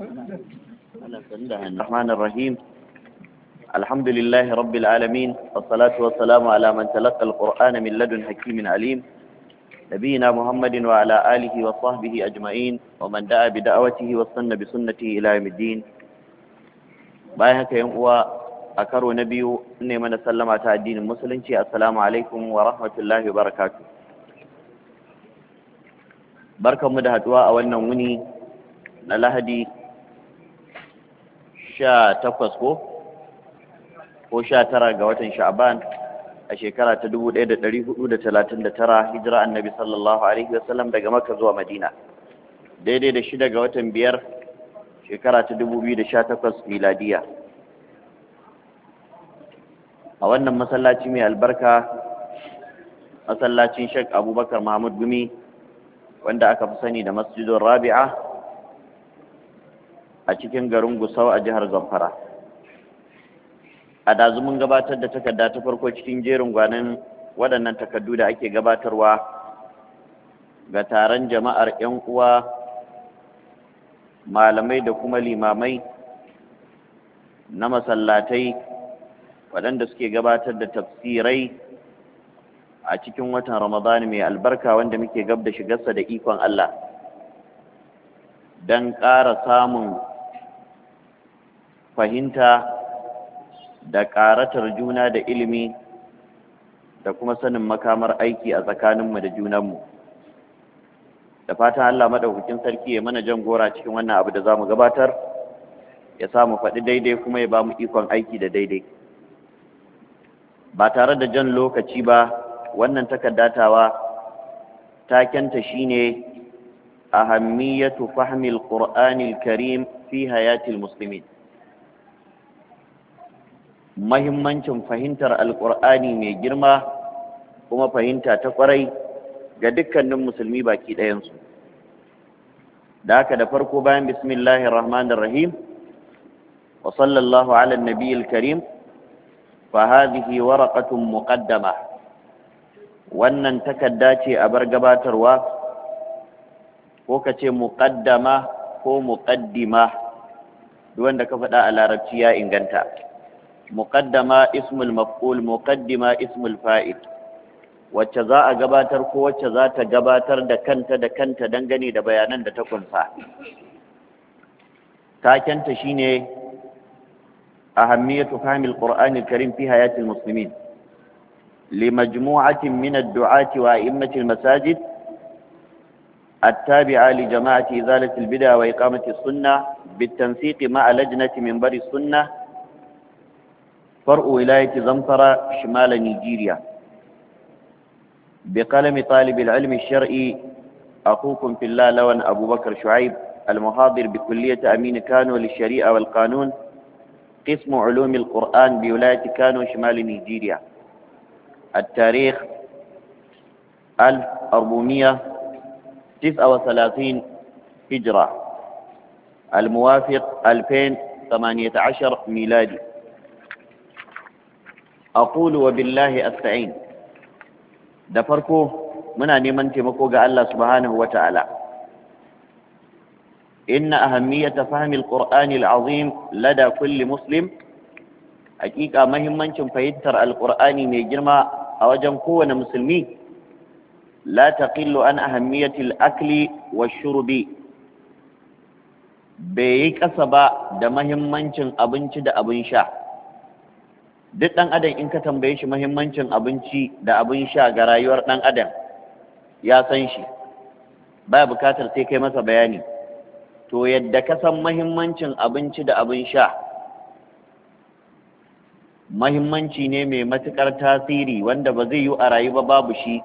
الرحمن الرحيم الحمد لله رب العالمين والصلاة والسلام على من تلقى القرآن من لدن حكيم عليم نبينا محمد وعلى آله وصحبه أجمعين ومن دعا بدعوته واستنى بسنته إلى يوم الدين بايهك يوم أكروا نبي إني من سلم على الدين المسلم السلام عليكم ورحمة الله وبركاته بركة مدهد وأولنا وني na lahadi sha takwas ko ko sha tara ga watan sha'aban a shekara ta dubu ɗaya da ɗari hudu da talatin da tara hijira annabi sallallahu alaihi wasallam daga maka zuwa madina daidai da shida ga watan biyar shekara ta dubu biyu da sha takwas miladiya a wannan masallaci mai albarka masallacin shek abubakar mahmud gumi wanda aka fi sani da masjidun rabi'a a cikin garin Gusau a jihar Zamfara. A dazu mun gabatar da takarda ta farko cikin jerin gwanin waɗannan takardu da ake gabatarwa ga taron jama'ar 'yan uwa malamai da kuma limamai na masallatai waɗanda suke gabatar da tafsirai a cikin watan Ramadani mai albarka wanda muke gab da shigarsa da ikon Allah don ƙara samun fahimta da ƙaratar juna da ilimi da kuma sanin makamar aiki a tsakaninmu da junanmu da fatan Allah maɗaukakin sarki ya mana jan gora cikin wannan abu da za mu gabatar ya samu faɗi daidai kuma ya ba mu ikon aiki da daidai ba tare da jan lokaci ba wannan takardatawa takenta shine ahammiyatu fahmil qur'anil karim fi hayatil Musulmi. mahimmancin fahimtar alƙur'ani mai girma kuma fahimta ta ƙwarai ga dukkanin musulmi baki ɗayansu da haka da farko bayan bismillahir rahmanir rahim wa sallallahu ala nabiyil karim fa hadhihi waraqatun muqaddama wannan takarda ce a bar gabatarwa ko ka ce muqaddama ko muqaddima duk wanda ka faɗa a larabci ya inganta muqaddama ismul maf'ul muqaddima ismul fa'il wacce za a gabatar ko wacce za ta gabatar da kanta da kanta dangane da bayanan da ta kunsa takenta shine ahammiyatu fahmil qur'anil karim fi hayatil muslimin لمجموعة من الدعاة وأئمة المساجد التابعة لجماعة إزالة البدع وإقامة السنة بالتنسيق مع لجنة منبر السنة فرع ولاية زمطرة شمال نيجيريا بقلم طالب العلم الشرعي أخوكم في الله لون أبو بكر شعيب المحاضر بكلية أمين كانو للشريعة والقانون قسم علوم القرآن بولاية كانو شمال نيجيريا التاريخ 1439 هجرة الموافق 2018 ميلادي aqulu wa billahi asta'in da farko muna neman taimako ga Allah subhanahu wata'ala inna ahammiyata fahmi alqur'ani alazim lada kulli muslim hakika mahimmancin fahimtar alqur'ani mai girma a wajen kowane musulmi la taqillu an ahammiyati al-akli wa shurubi. bai yi ƙasa ba da mahimmancin abinci da abin sha duk ɗan adam in ka tambaye shi mahimmancin abinci da abin sha ga rayuwar ɗan adam ya san shi baya bukatar sai kai masa bayani to yadda ka san mahimmancin abinci da abin sha mahimmanci ne mai matuƙar tasiri wanda ba zai yi a rayu ba babu shi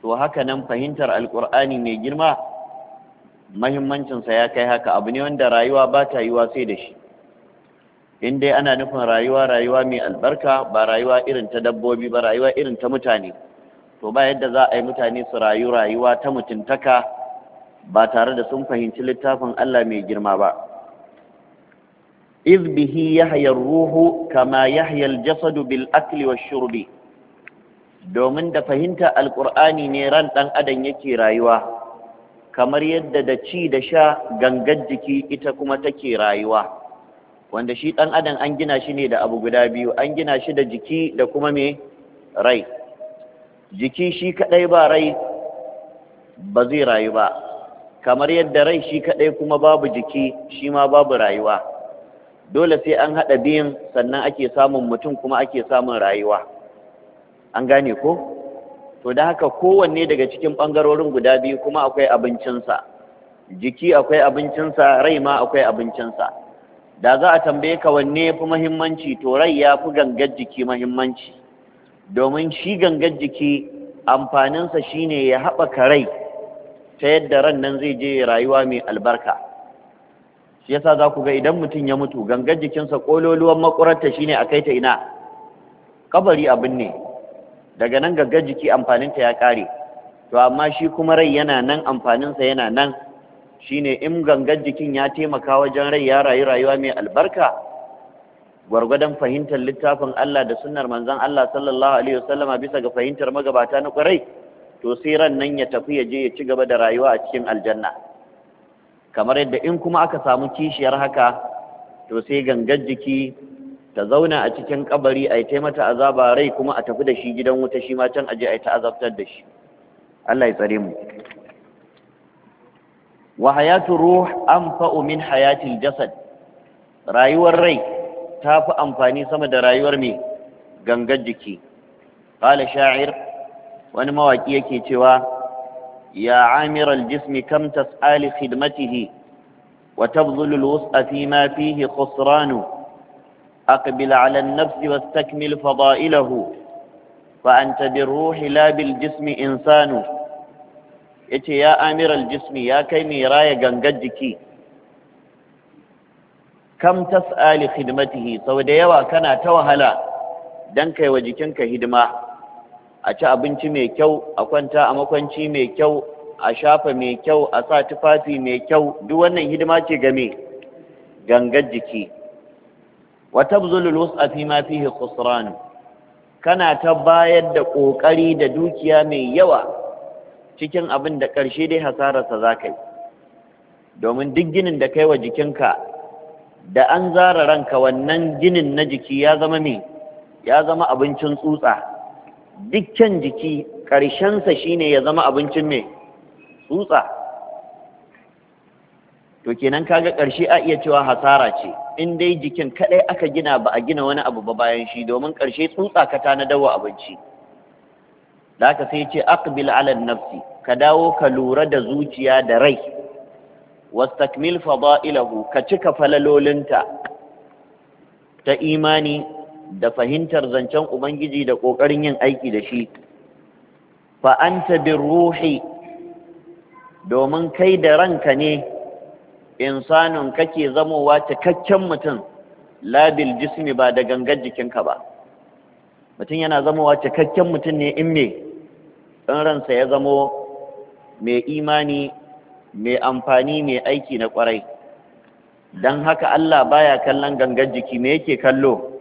to haka nan fahimtar alƙur'ani mai girma mahimmancinsa ya kai haka abu ne wanda rayuwa ba ta yiwa sai da shi in dai ana nufin rayuwa rayuwa mai albarka ba rayuwa irin ta dabbobi ba rayuwa irin ta mutane to ba yadda za a yi mutane su rayu rayuwa ta mutuntaka ba tare da sun fahimci littafin Allah mai girma ba iz bihi yahya ruhu kama yahya al bil akli wash-shurbi domin da fahimta alqur'ani ne ran dan adam yake rayuwa kamar yadda da ci da sha gangar jiki ita kuma take rayuwa wanda shi ɗan adam an gina shi ne da abu guda biyu an gina shi da jiki da kuma me rai jiki shi kaɗai ba rai ba zai rayu ba kamar yadda rai shi kaɗai kuma babu jiki shi ma babu rayuwa dole sai an haɗa biyun sannan ake samun mutum kuma ake samun rayuwa an gane ko to da haka kowanne daga cikin ɓangarorin guda biyu kuma akwai abincinsa jiki akwai abincinsa rai ma akwai abincinsa da za a tambaye ka wanne ya fi mahimmanci to rai ya fi gangar jiki mahimmanci domin shi gangar jiki amfaninsa shine ya haɓaka rai ta yadda ran nan zai je rayuwa mai albarka shi yasa za ku ga idan mutum ya mutu gangar jikinsa ƙololuwan makurarta shine a kai ta ina kabari abin ne daga nan gangar jiki amfaninta ya ƙare to amma shi kuma rai yana nan amfaninsa yana nan shine in gangar jikin ya taimaka wajen rai ya rayu rayuwa mai albarka gwargwadon fahimtar littafin Allah da sunnar manzon Allah sallallahu alaihi wasallama bisa ga fahimtar magabata na kwarai to sai ran nan ya tafi ya je ya ci gaba da rayuwa a cikin aljanna kamar yadda in kuma aka samu kishiyar haka to sai gangar jiki ta zauna a cikin kabari a yi ta mata azaba rai kuma a tafi da shi gidan wuta shi ma can aje a yi ta azabtar da shi Allah ya tsare mu wa hayatu ruh anfa'u min hayatil jasad rayuwar rai ta fi amfani sama da rayuwar mai gangar jiki qala sha'ir wani mawaki yake cewa ya amiral jismi kam tas'ali khidmatihi wa tabdhulu al-wus'a fi ma fihi khusranu aqbil 'ala an-nafs wastakmil fada'ilahu fa anta bi ruhi la bil jismi insanu yace ya amiral jismi ya kai mai raya gangar jiki kam tas'ali khidmatihi sau da yawa kana ta wahala dan kai wa jikinka hidima a ci abinci mai kyau a kwanta a makwanci mai kyau a shafa mai kyau a sa tufafi mai kyau duk wannan hidima ce game gangar jiki wa tabzulul wasu fi ma fihi khusran kana ta bayar da kokari da dukiya mai yawa cikin abin da ƙarshe dai hasararsa za ka yi domin duk ginin da kai wa jikinka da an zara ranka wannan ginin na jiki ya zama me ya zama abincin tsutsa dukkan jiki ƙarshensa shine ya zama abincin me tsutsa to kenan kaga ƙarshe a iya cewa hasara ce in dai jikin kaɗai aka gina ba a gina wani abu ba bayan shi domin ƙarshe tsutsa ka tanadar wa abinci da haka sai ce aqbil ala nafsi ka dawo ka lura da zuciya da rai wastakmil fada'ilahu ka cika falalolinta ta imani da fahimtar zancen ubangiji da kokarin yin aiki da shi fa anta ruhi domin kai da ranka ne insanin kake zamowa cikakken mutum labil jismi ba da gangar jikinka ba mutum yana zamowa cikakken mutum ne in me in ransa ya zamo mai imani mai amfani mai aiki na kwarai don haka Allah baya kallon gangan jiki me yake kallo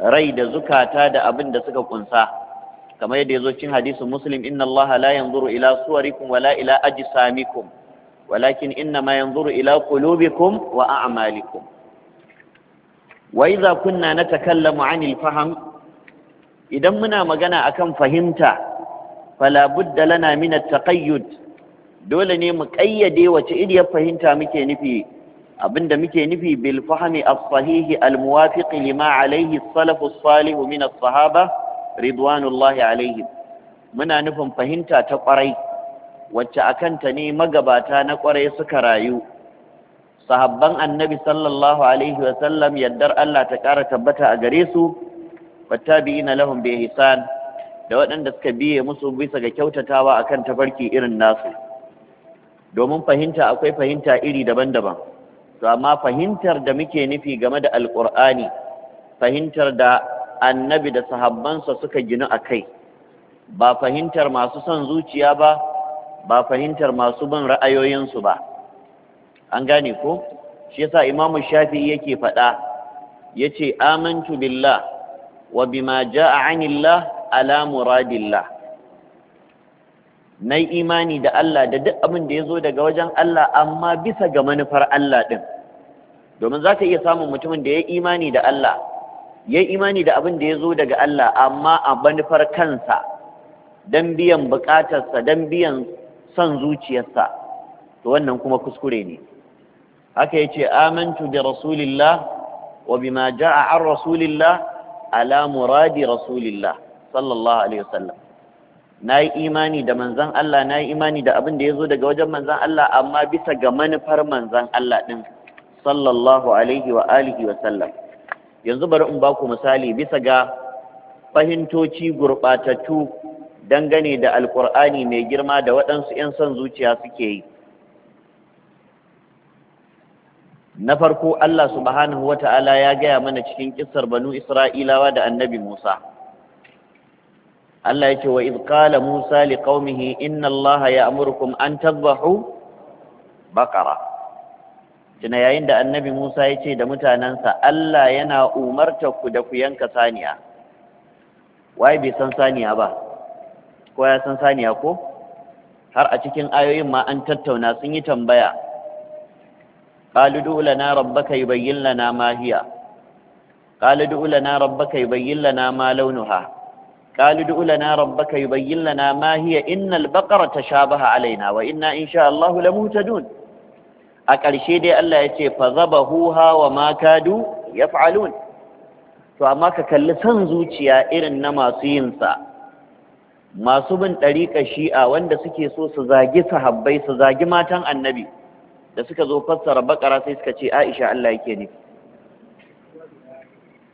rai da zukata da abin da suka kunsa kamar yadda ya zo cikin hadisin muslim inna Allah la yanzuru ila suwarikum wala ila ajsamikum walakin inna ma yanzuru ila qulubikum wa a'malikum wa idza kunna natakallamu 'anil faham idan muna magana akan fahimta fala budda lana min at-taqayyud dole ne mu kayyade wace iriyar fahimta muke nufi abinda muke nufi bil fahmi as-sahih al-muwafiq lima alayhi as-salaf as-salih min as-sahaba ridwanullahi alayhim muna nufin fahimta ta kwarai wacce akanta ne magabata na kwarai suka rayu sahabban annabi sallallahu alaihi wa sallam yaddar Allah ta ƙara tabbata a gare su wattabi'ina lahum bi ihsan da waɗanda suka biye musu bisa ga kyautatawa akan tafarki irin nasu domin fahimta akwai fahimta iri daban-daban to amma fahimtar da muke nufi game da alƙur'ani fahimtar da annabi da sahabbansa suka ginu a kai ba fahimtar masu son zuciya ba ba fahimtar masu bin ra'ayoyinsu ba an gane ko shi yasa imamu Shafi yake faɗa Ya ce amintu billah wa bima ja'a anillah ala muradillah na imani da Allah da duk abin da ya zo daga wajen Allah amma bisa ga manufar Allah ɗin domin za ka iya samun mutumin da ya imani da Allah ya imani da abin da ya zo daga Allah amma a manufar kansa don biyan bukatarsa don biyan son zuciyarsa to wannan kuma kuskure ne haka ya ce amintu da rasulillah wa bima ja'a an rasulillah ala muradi rasulillah sallallahu alaihi wasallam na yi imani da manzan Allah na yi imani da abin da ya zo daga wajen manzan Allah amma bisa ga manufar manzan Allah ɗin sallallahu alaihi wa alihi wa sallam yanzu bari in baku misali bisa ga fahimtoci gurɓatattu dangane da alƙur'ani mai girma da waɗansu 'yan son zuciya suke yi na farko Allah subhanahu wa ta'ala ya gaya mana cikin kissar banu Isra'ilawa da annabi Musa Allah yake wa idh qala Musa liqaumihi inna Allah ya'murukum an tadhbahu baqara tuna yayin da annabi Musa ya ce da mutanansa Allah yana umarta ku da ku yanka saniya waye bai san saniya ba ko ya san saniya ko har a cikin ayoyin ma an tattauna sun yi tambaya قالوا ادع لنا ربك يبين لنا ما هي قال ادع لنا ربك يبين لنا ma launuha. قالوا ادع لنا ربك يبين لنا ما هي إن البقرة تشابه علينا وإنا إن شاء الله لمهتدون أكرشي دي الله يتي فذبهوها وما كادوا يفعلون فأما ككل سنزوتيا إرن نما سينسا masu bin ɗariƙa shi'a wanda suke so su zagi sahabbai su zagi matan annabi da suka zo fassara bakara sai suka ce aisha Allah yake nufi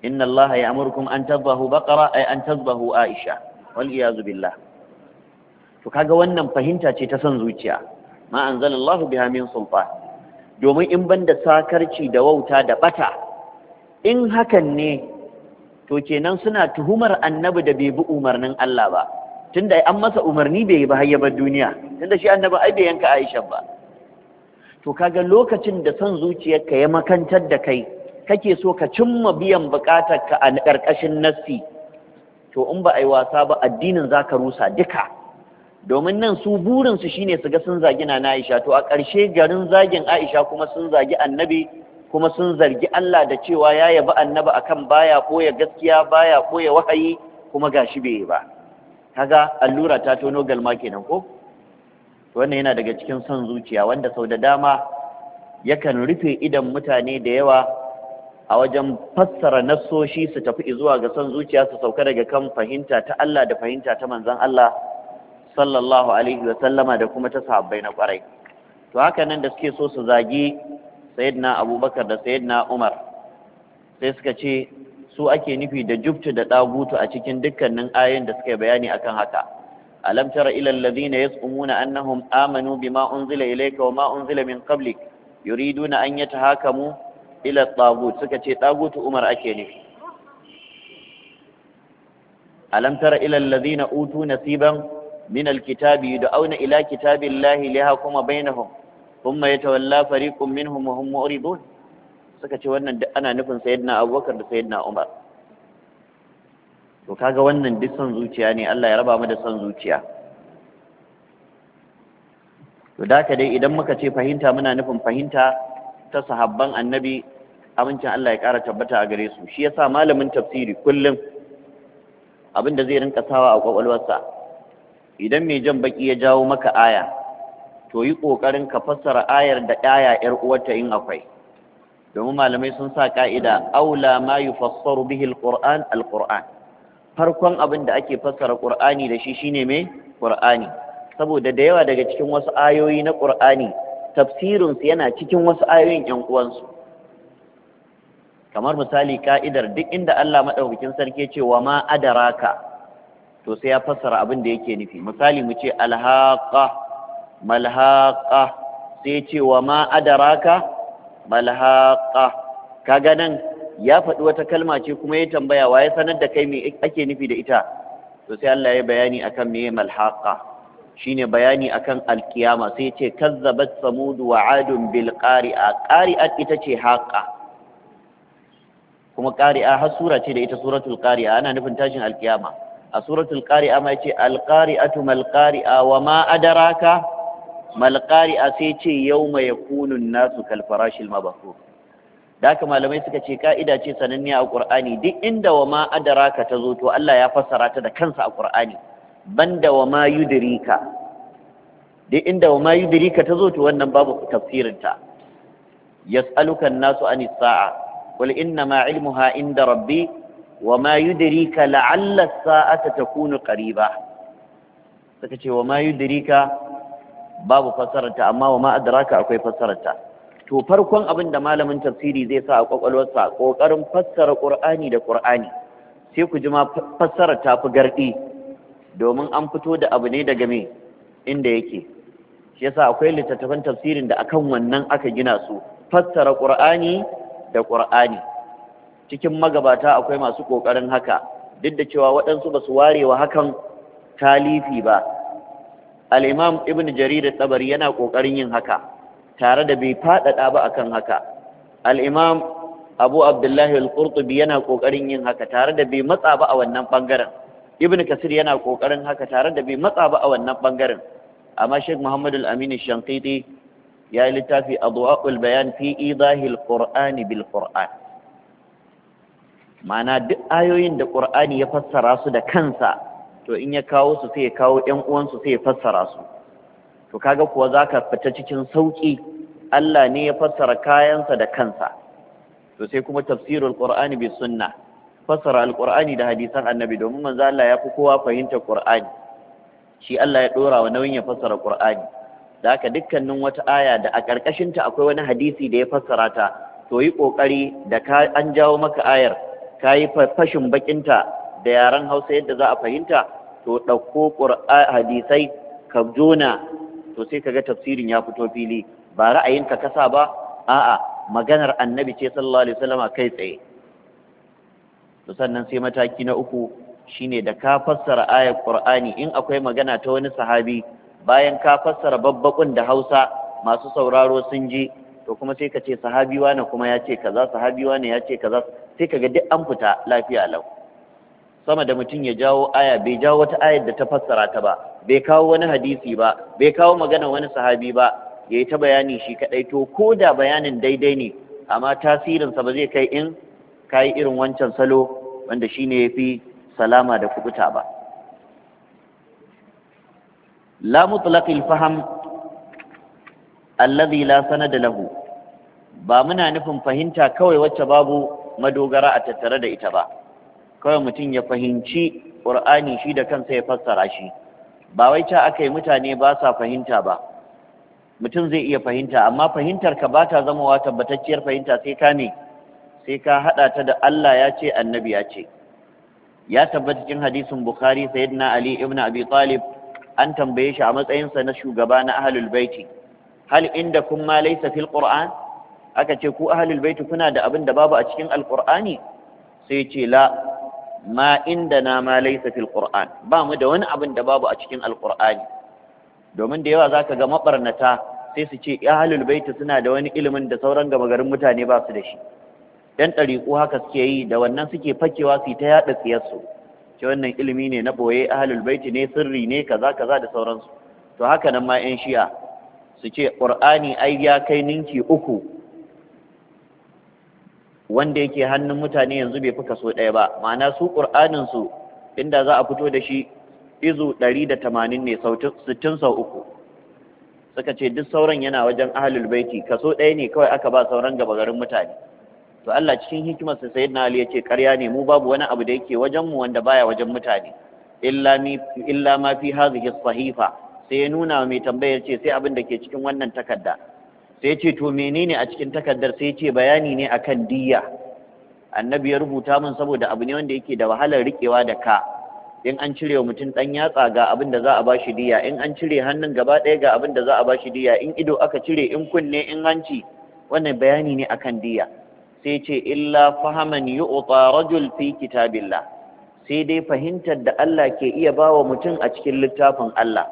inna allaha ya'murukum an tadhbahu baqara ay an tadhbahu aisha wal iyazu billah to kaga wannan fahimta ce ta son zuciya ma anzalallahu biha min domin in banda sakarci da wauta da bata in hakan ne to kenan suna tuhumar annabi da bai bi umarnin Allah ba tunda an masa umarni bai ba hayya bar duniya tunda shi annabi ai bai yanka Aisha ba to kaga lokacin da son zuciyarka ya makantar da kai kake so ka cimma biyan bukatar ka a ƙarƙashin nassi to in ba a yi wasa ba addinin za ka rusa duka domin nan su burinsu shine su ga sun zagi na Aisha to a ƙarshe garin zagin Aisha kuma sun zagi annabi kuma sun zargi Allah da cewa ya yabi annabi akan baya ɓoye gaskiya baya ɓoye wahayi kuma gashi bai yi ba kaga allura ta tono galma kenan ko wannan yana daga cikin son zuciya wanda sau da dama yakan rufe idan mutane da yawa a wajen fassara nassoshi su tafi zuwa ga son zuciya su sauka daga kan fahimta ta Allah da fahimta ta manzon Allah sallallahu alaihi wa sallama da kuma ta sahabbai na kwarai to haka nan da suke so su zagi sayyidina Abubakar da sayyidina Umar sai suka ce su ake nufi da jubtu da dagutu a cikin dukkanin ayoyin da suke bayani akan haka alam tara ila alladhina yas'umuna annahum amanu bima unzila ilayka wa ma unzila min qablik yuriduna an yatahakamu ila tagut suka ce tagutu umar ake nufi alam tara ila alladhina utu nasiban min alkitabi yud'auna ila kitabillahi liyahkuma bainahum thumma yatawalla fariqun minhum wa hum mu'ridun suka ce wannan duk ana nufin sayyidina abubakar da sayyidina umar to kaga wannan duk son zuciya ne Allah ya raba mu da son zuciya to da dai idan muka ce fahimta muna nufin fahimta ta sahabban annabi abincin Allah ya ƙara tabbata a gare su shi yasa malamin tafsiri kullum abin da zai rinka sawa a ƙwaƙwalwarsa. idan mai jan baki ya jawo maka aya to yi ƙoƙarin ka fassara ayar da aya ƴar uwarta in akwai domin malamai sun sa ka'ida aula ma yufassaru bihi alquran alquran farkon abin da ake fassara qur'ani da shi shine me ƙur'ani saboda da yawa daga cikin wasu ayoyi na qur'ani tafsirinsu yana cikin wasu ayoyin ‘yan uwansu kamar misali ka'idar duk inda Allah maɗaukakin sarki ce wa ma adaraka to sai ya fassara abin da yake nufi misali mu ce alhaqa malhaqa sai ce wa ma adaraka malhaqa kaga nan ya faɗi wata kalma ce kuma ya tambaya wa ya sanar da kai me ake nufi da ita to sai Allah ya bayani akan me malhaqa shine bayani akan alkiyama sai ce kazzabat samud wa adun bil qari'a qari'a ita ce haqa kuma qari'a har sura ce da ita suratul qari'a ana nufin tashin alkiyama a suratul qari'a ma yace al qari'atu mal qari'a wa ma adraka mal qari'a sai ce yau yakunu an-nasu kal farashil mabthur da haka malamai suka ce ka'ida ce sananniya a Qur'ani duk inda wa ma adraka ta zo to Allah ya fassara ta da kansa a Qur'ani banda wa ma da inda wa ma tazo to wannan babu tafsirin ta yas'aluka an-nasu a sa'a wal inna ma ilmuha inda rabbi wa ma yudrika la'alla as-sa'ata takunu qariba saka ce wa ma yudrika babu fassararta amma wa ma akwai fassararta to farkon abin da malamin tafsiri zai sa a kwakwalwarsa ƙoƙarin fassara qur'ani da qur'ani sai ku ji ma fassarar ta fi gardi domin an fito da abu ne daga me inda yake shi yasa akwai littattafan tafsirin da akan wannan aka gina su fassara qur'ani da qur'ani cikin magabata akwai masu kokarin haka duk da cewa waɗansu ba su ware wa hakan talifi ba al-imam ibn jarir at-tabari yana kokarin yin haka tare da bai fadada ba akan haka al-imam abu abdullahi al-qurtubi yana kokarin yin haka tare da bai matsa ba a wannan bangaren ibn kasir yana kokarin haka tare da bai matsa ba a wannan bangaren amma sheikh muhammad al-amin shankiti ya yi littafi adwa'ul bayan fi al-qur'an bil qur'an ma'ana duk ayoyin da qur'ani ya fassara su da kansa to in ya kawo su sai ya kawo uwan su sai ya fassara su to kaga kuwa zaka fita cikin sauki Allah ne ya fassara kayansa da kansa to sai kuma tafsirul qur'ani bi sunnah fassara alqur'ani da hadisan annabi domin manzo Allah ya fi kowa fahimtar qur'ani shi Allah ya dora wa nauyin ya fassara qur'ani da haka dukkanin wata aya da a karkashin ta akwai wani hadisi da ya fassara ta to yi kokari da ka an jawo maka ayar kayi fashin bakinta da yaren Hausa yadda za a fahimta to dauko hadisai ka jona to sai kaga tafsirin ya fito fili ba ra'ayinka kasa ba a'a maganar annabi ce sallallahu alaihi wasallama kai tsaye to sannan sai mataki na uku shine da ka fassara ayar Qur'ani in akwai magana ta wani sahabi bayan ka fassara babbakun da Hausa masu sauraro sun ji to kuma sai ka ce sahabi wane kuma ya ce kaza sahabi wane ya ce kaza sai ka ga duk an fita lafiya lau sama da mutum ya jawo aya bai jawo wata ayar da ta fassara ta ba bai kawo wani hadisi ba bai kawo magana wani sahabi ba ya yi ta bayani shi kaɗai to ko da bayanin daidai ne amma tasirinsa ba zai kai in ka yi irin wancan salo wanda shi shine fi salama da kubuta ba la mutlaqil faham alladhi la sanada lahu ba muna nufin fahimta kawai wacce babu madogara a tattare da ita ba kawai mutum ya fahimci qur'ani shi da kansa ya fassara shi ba wai ta akai mutane ba sa fahimta ba mutum zai iya fahimta amma fahimtar ka ba ta zama wa tabbatacciyar fahimta sai ka ne sai ka haɗa ta da Allah ya ce annabi ya ce ya tabbata cikin hadisin bukhari sayyidina ali ibn abi talib an tambaye shi a matsayinsa na shugaba na ahlul baiti hal inda kun ma laysa fil qur'an aka ce ku ahlul baiti kuna da abin da babu a cikin alqur'ani sai ce la ma inda na ma laysa fil qur'an ba mu da wani abin da babu a cikin alqur'ani domin da yawa zaka ga mabarnata sai su ce ahlul baiti suna da wani ilimin da sauran gama garin mutane ba su da shi yan ɗariƙu haka suke yi da wannan suke fakewa su ta yaɗa tsiyarsu ce wannan ilimi ne na ɓoye ahalul baiti ne sirri ne kaza kaza da sauransu to haka nan ma yan shi'a su ce ƙur'ani ai ya kai ninki uku wanda yake hannun mutane yanzu bai fi kaso ɗaya ba ma'ana su ƙur'aninsu inda za a fito da shi izu ɗari da tamanin ne sittin sau uku suka ce duk sauran yana wajen ahalul baiti kaso ɗaya ne kawai aka ba sauran gaba garin mutane to Allah cikin sai na Ali yace ƙarya ne mu babu wani abu da yake wajen mu wanda baya wajen mutane illa mi illa ma fi hadhihi sahifa sai ya nuna mai tambaya ce sai abin da ke cikin wannan takarda sai ce to menene a cikin takardar sai ce bayani ne akan diyya annabi ya rubuta min saboda abu ne wanda yake da wahalar riƙewa da ka in an cire wa mutum ɗan yatsa ga abin da za a bashi diya in an cire hannun gaba ɗaya ga abin da za a bashi diya in ido aka cire in kunne in hanci wannan bayani ne akan diyya. sai ce illa fahaman yu'ta rajul fi kitabillah sai dai fahimtar da Allah ke iya bawa mutum a cikin littafin Allah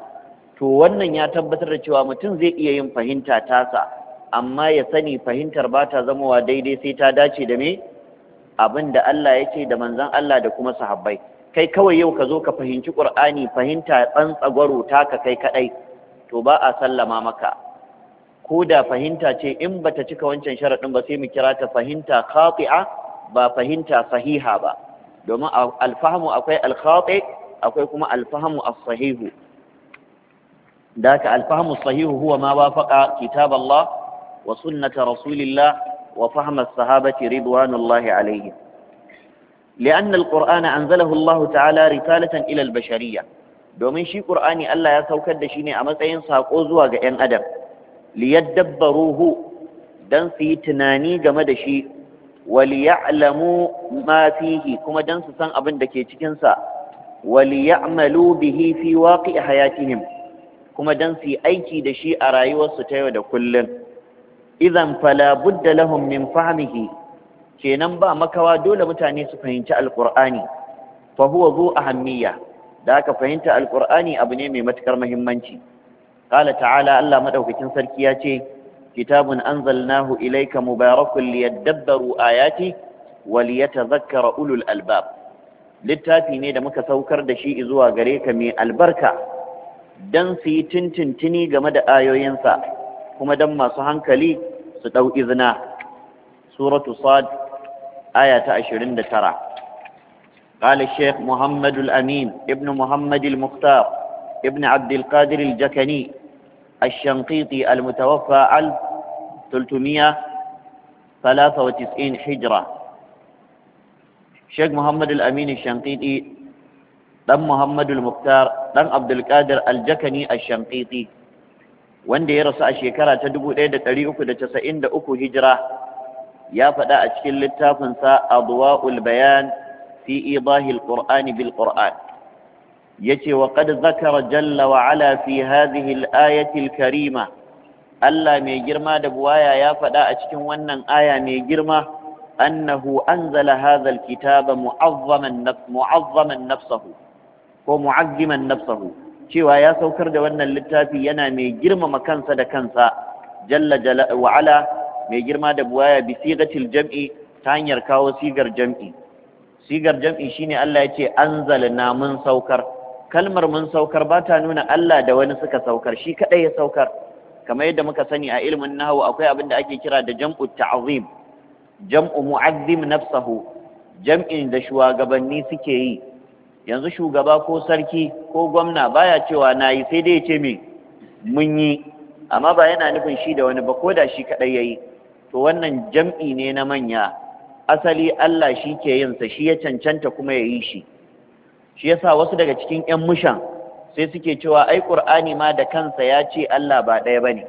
to wannan ya tabbatar da cewa mutum zai iya yin fahimta tasa amma ya sani fahimtar ba ta zamowa daidai sai ta dace da me abin da Allah ya ce da manzon Allah da kuma sahabbai kai kawai yau ka zo ka fahimci ƙur'ani fahimta tsantsagwaro taka kai kaɗai, to ba a sallama maka ko da fahimta ce in bata cika wancan sharaɗin ba sai mu kira ta fahimta khati'a ba fahimta sahiha ba domin alfahamu akwai alkhati akwai kuma alfahamu as-sahihu da ka alfahamu sahihu huwa ma wafaqa kitab Allah wa sunnata rasulillah wa fahma as-sahabati ridwanullahi alaihim لأن القرآن أنزله الله تعالى رسالة إلى البشرية domin shi ƙur'ani Allah ya saukar da shi ne a matsayin sako zuwa ga 'yan adam ruhu! dan su yi tunani game da shi waliya'lamu ma fihi kuma dan su san abin da ke cikin sa waliya'malu bihi fi waqi hayatihim kuma dan su yi aiki da shi a rayuwarsu ta yau da kullun idan fala budda lahum min fahmihi kenan ba makawa dole mutane su fahimci alqur'ani fa huwa zu ahammiya da ka fahimta alqur'ani abu ne mai matukar muhimmanci qala ta'ala Allah madaukakin sarki ya ce kitabun anzalnahu ilaika mubarakun liyadabbaru ayati wa liyatadhakkara ulul albab littafi ne da muka saukar da shi zuwa gare ka mai albarka dan su yi tintintini game da ayoyinsa kuma dan masu hankali su dau izina suratu sad aya ta 29 قال الشيخ Muhammadu Amin, ابن محمد المختار ابن عبد القادر الجكني الشنقيطي المتوفى 1393 هجرة شيخ محمد الأمين الشنقيطي دم محمد المختار دم عبد القادر الجكني الشنقيطي wanda ya rasu a shekara ta 1393 hijira ya faɗa a cikin littafinsa adwa'ul bayan fi idahil qur'ani bil qur'an yace wa qad zakara jalla wa ala fi hadhihi al-ayati al-karima Allah mai girma da buwaya ya faɗa a cikin wannan aya mai girma annahu anzala hadha al-kitaba mu'azzaman mu'azzaman nafsahu ko mu'azziman cewa ya saukar da wannan littafi yana mai girmama kansa da kansa jalla jala wa ala mai girma da buwaya bi sigatil jam'i ta hanyar kawo sigar jam'i sigar jam'i shine Allah yace anzala namun saukar kalmar mun saukar ba ta nuna Allah da wani suka saukar shi kadai ya saukar kamar yadda muka sani a ilimin nahwu akwai abin da ake kira da jam'u ta'zim jam'u mu'azzim nafsahu jam'in da shugabanni suke yi yanzu shugaba ko sarki ko gwamna baya cewa nayi sai dai ya ce me mun yi amma ba yana nufin shi da wani ba ko da shi kadai yayi to wannan jam'i ne na manya asali Allah shi ke yinsa shi ya cancanta kuma ya yi shi shi yasa wasu daga cikin 'yan mushan sai suke cewa ai qur'ani ma da kansa ya ce Allah ba ɗaya bane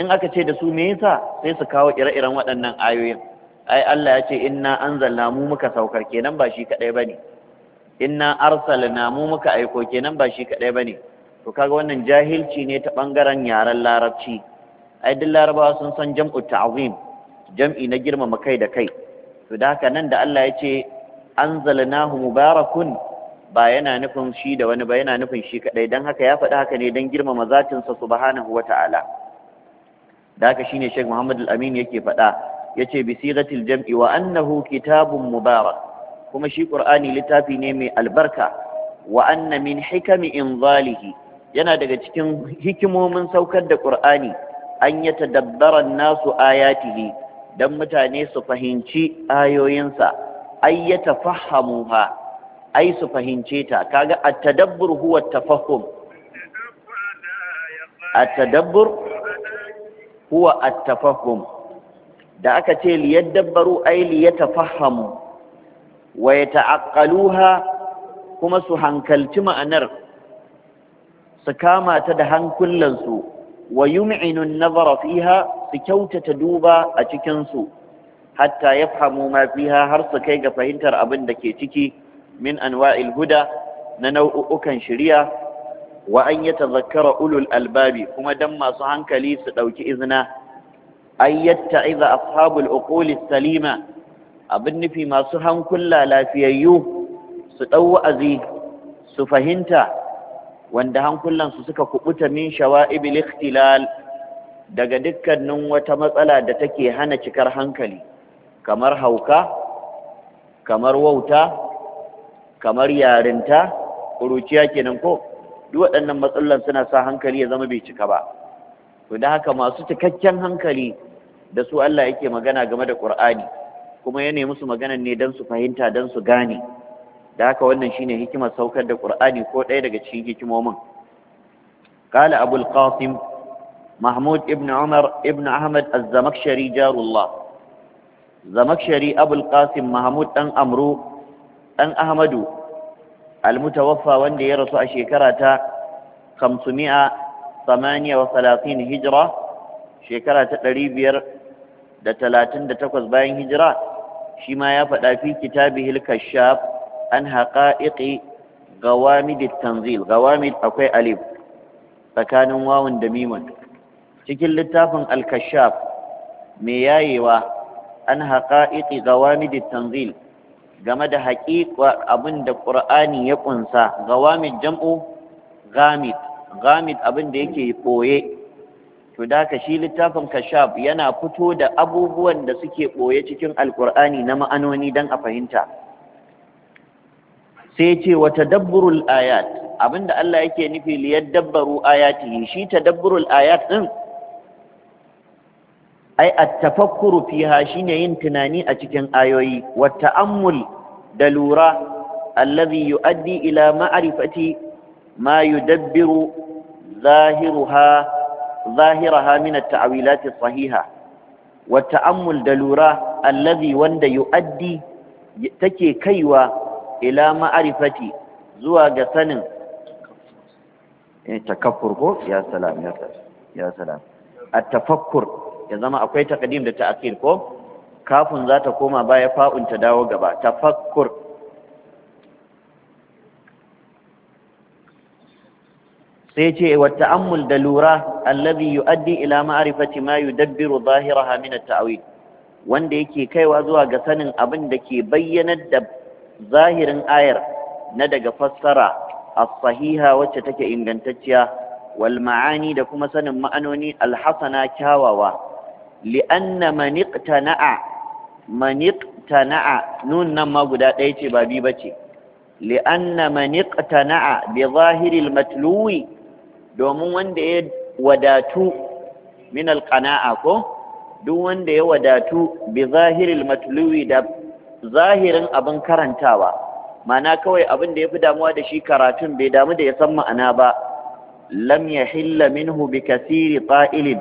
in aka ce da su me yasa sai su kawo ire-iren waɗannan ayoyin ai Allah ya ce inna anzalna mu muka saukar kenan ba shi kadai bane inna arsalna mu muka aiko kenan ba shi ba bane to kaga wannan jahilci ne ta bangaren yaren larabci ai duk larabawa sun san jam'u ta'zim jam'i na girmama kai da kai to da haka nan da Allah ya ce anzalnahu mubarakun ba yana nufin shi da wani ba yana nufin shi kadai dan haka ya faɗi haka ne don girmama zatin sa subhanahu ta'ala da haka shine Sheikh Muhammad Al-Amin yake faɗa yace bi sigatil jam'i wa annahu kitabun mubarak kuma shi Qur'ani littafi ne mai albarka wa anna min hikami inzalihi yana daga cikin hikimomin saukar da Qur'ani an dabbaran nasu ayatihi dan mutane su fahimci ayoyinsa ayyata fahamuha ai su fahimce ta kaga at-tadabbur huwa at-tafahum at-tadabbur huwa at-tafahum da aka ce liyadabbaru ai liyatafahamu wa yata'aqaluha kuma su hankalci ma'anar su kama ta da hankulansu wa yum'inu an-nazara fiha su kyautata duba a cikin su hatta yafhamu ma fiha har su kai ga fahimtar abin da ke ciki min anwa'il huda na nau'ukan shiriya wa an yatazakkara ulul albabi kuma dan masu hankali su dauki izina ay yatta'iza ashabul uquli salima abin nufi masu hankula lafiyayyu su dau wa'azi su fahimta wanda hankulansu suka kubuta min shawa'ibil ikhtilal daga dukkanin wata matsala da take hana cikar hankali kamar hauka kamar wauta kamar yarinta ƙuruciya kenan ko duk waɗannan matsalan suna sa hankali ya zama bai cika ba to da haka masu cikakken hankali da su Allah yake magana game da Qur'ani kuma ya nemi su magana ne don su fahimta don su gane da haka wannan shine hikimar saukar da Qur'ani ko ɗaya daga cikin hikimomin qala abul qasim mahmud ibn umar ibn ahmad az جار jarullah زمكشري abul qasim mahmud dan amru ɗan ahmadu almutawaffa wanda ya rasu a shekara ta 538 hijira shekara ta 538 bayan hijira shi ma ya faɗa fi kitabihil kashaf an haqa'iqi gawamid tanzil gawamid akwai alif tsakanin wawun da mimun cikin littafin alkashaf mai yayewa an haqa'iqi gawamid tanzil game da haƙiƙa abin da ƙur'ani ya ƙunsa ga gawamid jam'u gamid gamid abin da yake ɓoye to da ka shi littafin kashaf yana fito da abubuwan da suke ɓoye cikin alƙur'ani na ma'anoni don a fahimta sai ce wa tadabburul ayat abin da Allah yake nufi liyar dabbaru ayatihi shi tadabburul ayat ɗin ai at-tafakkuru fiha shine yin tunani a cikin ayoyi wa ta'ammul da lura allazi yu'addi ila ma'rifati ma yudabbiru zahiruha zahiraha min at-ta'wilat as-sahiha wa ta'ammul da lura allazi wanda yu'addi take kaiwa ila ma'rifati zuwa ga sanin eh, takaffur ko ya salam ya salam at-tafakkur ya zama akwai takadim da ta'khir ko Kafin za ta koma baya fa'un ta dawo gaba tafakkur sai ce wa ta'ammul da lura allazi yu'addi ila ma'rifati ma yudabbiru zahiraha min at-ta'wil wanda yake kaiwa zuwa ga sanin abin da ke bayyanar da zahirin ayar na daga fassara as-sahiha wacce take ingantacciya wal ma'ani da kuma sanin ma'anoni al-hasana kyawawa li'anna man iqtana'a man iqtana'a nun nan ma guda ɗaya ce ba bi bace li'anna man iqtana'a bi zahiril matluwi domin wanda ya wadatu min alqana'a ko duk wanda ya wadatu bi zahiril matluwi da zahirin abin karantawa ma'ana kawai abin da ya fi damuwa da shi karatun bai damu da yasan ma'ana ba lam ya hilla minhu bi kasiri qa'ilin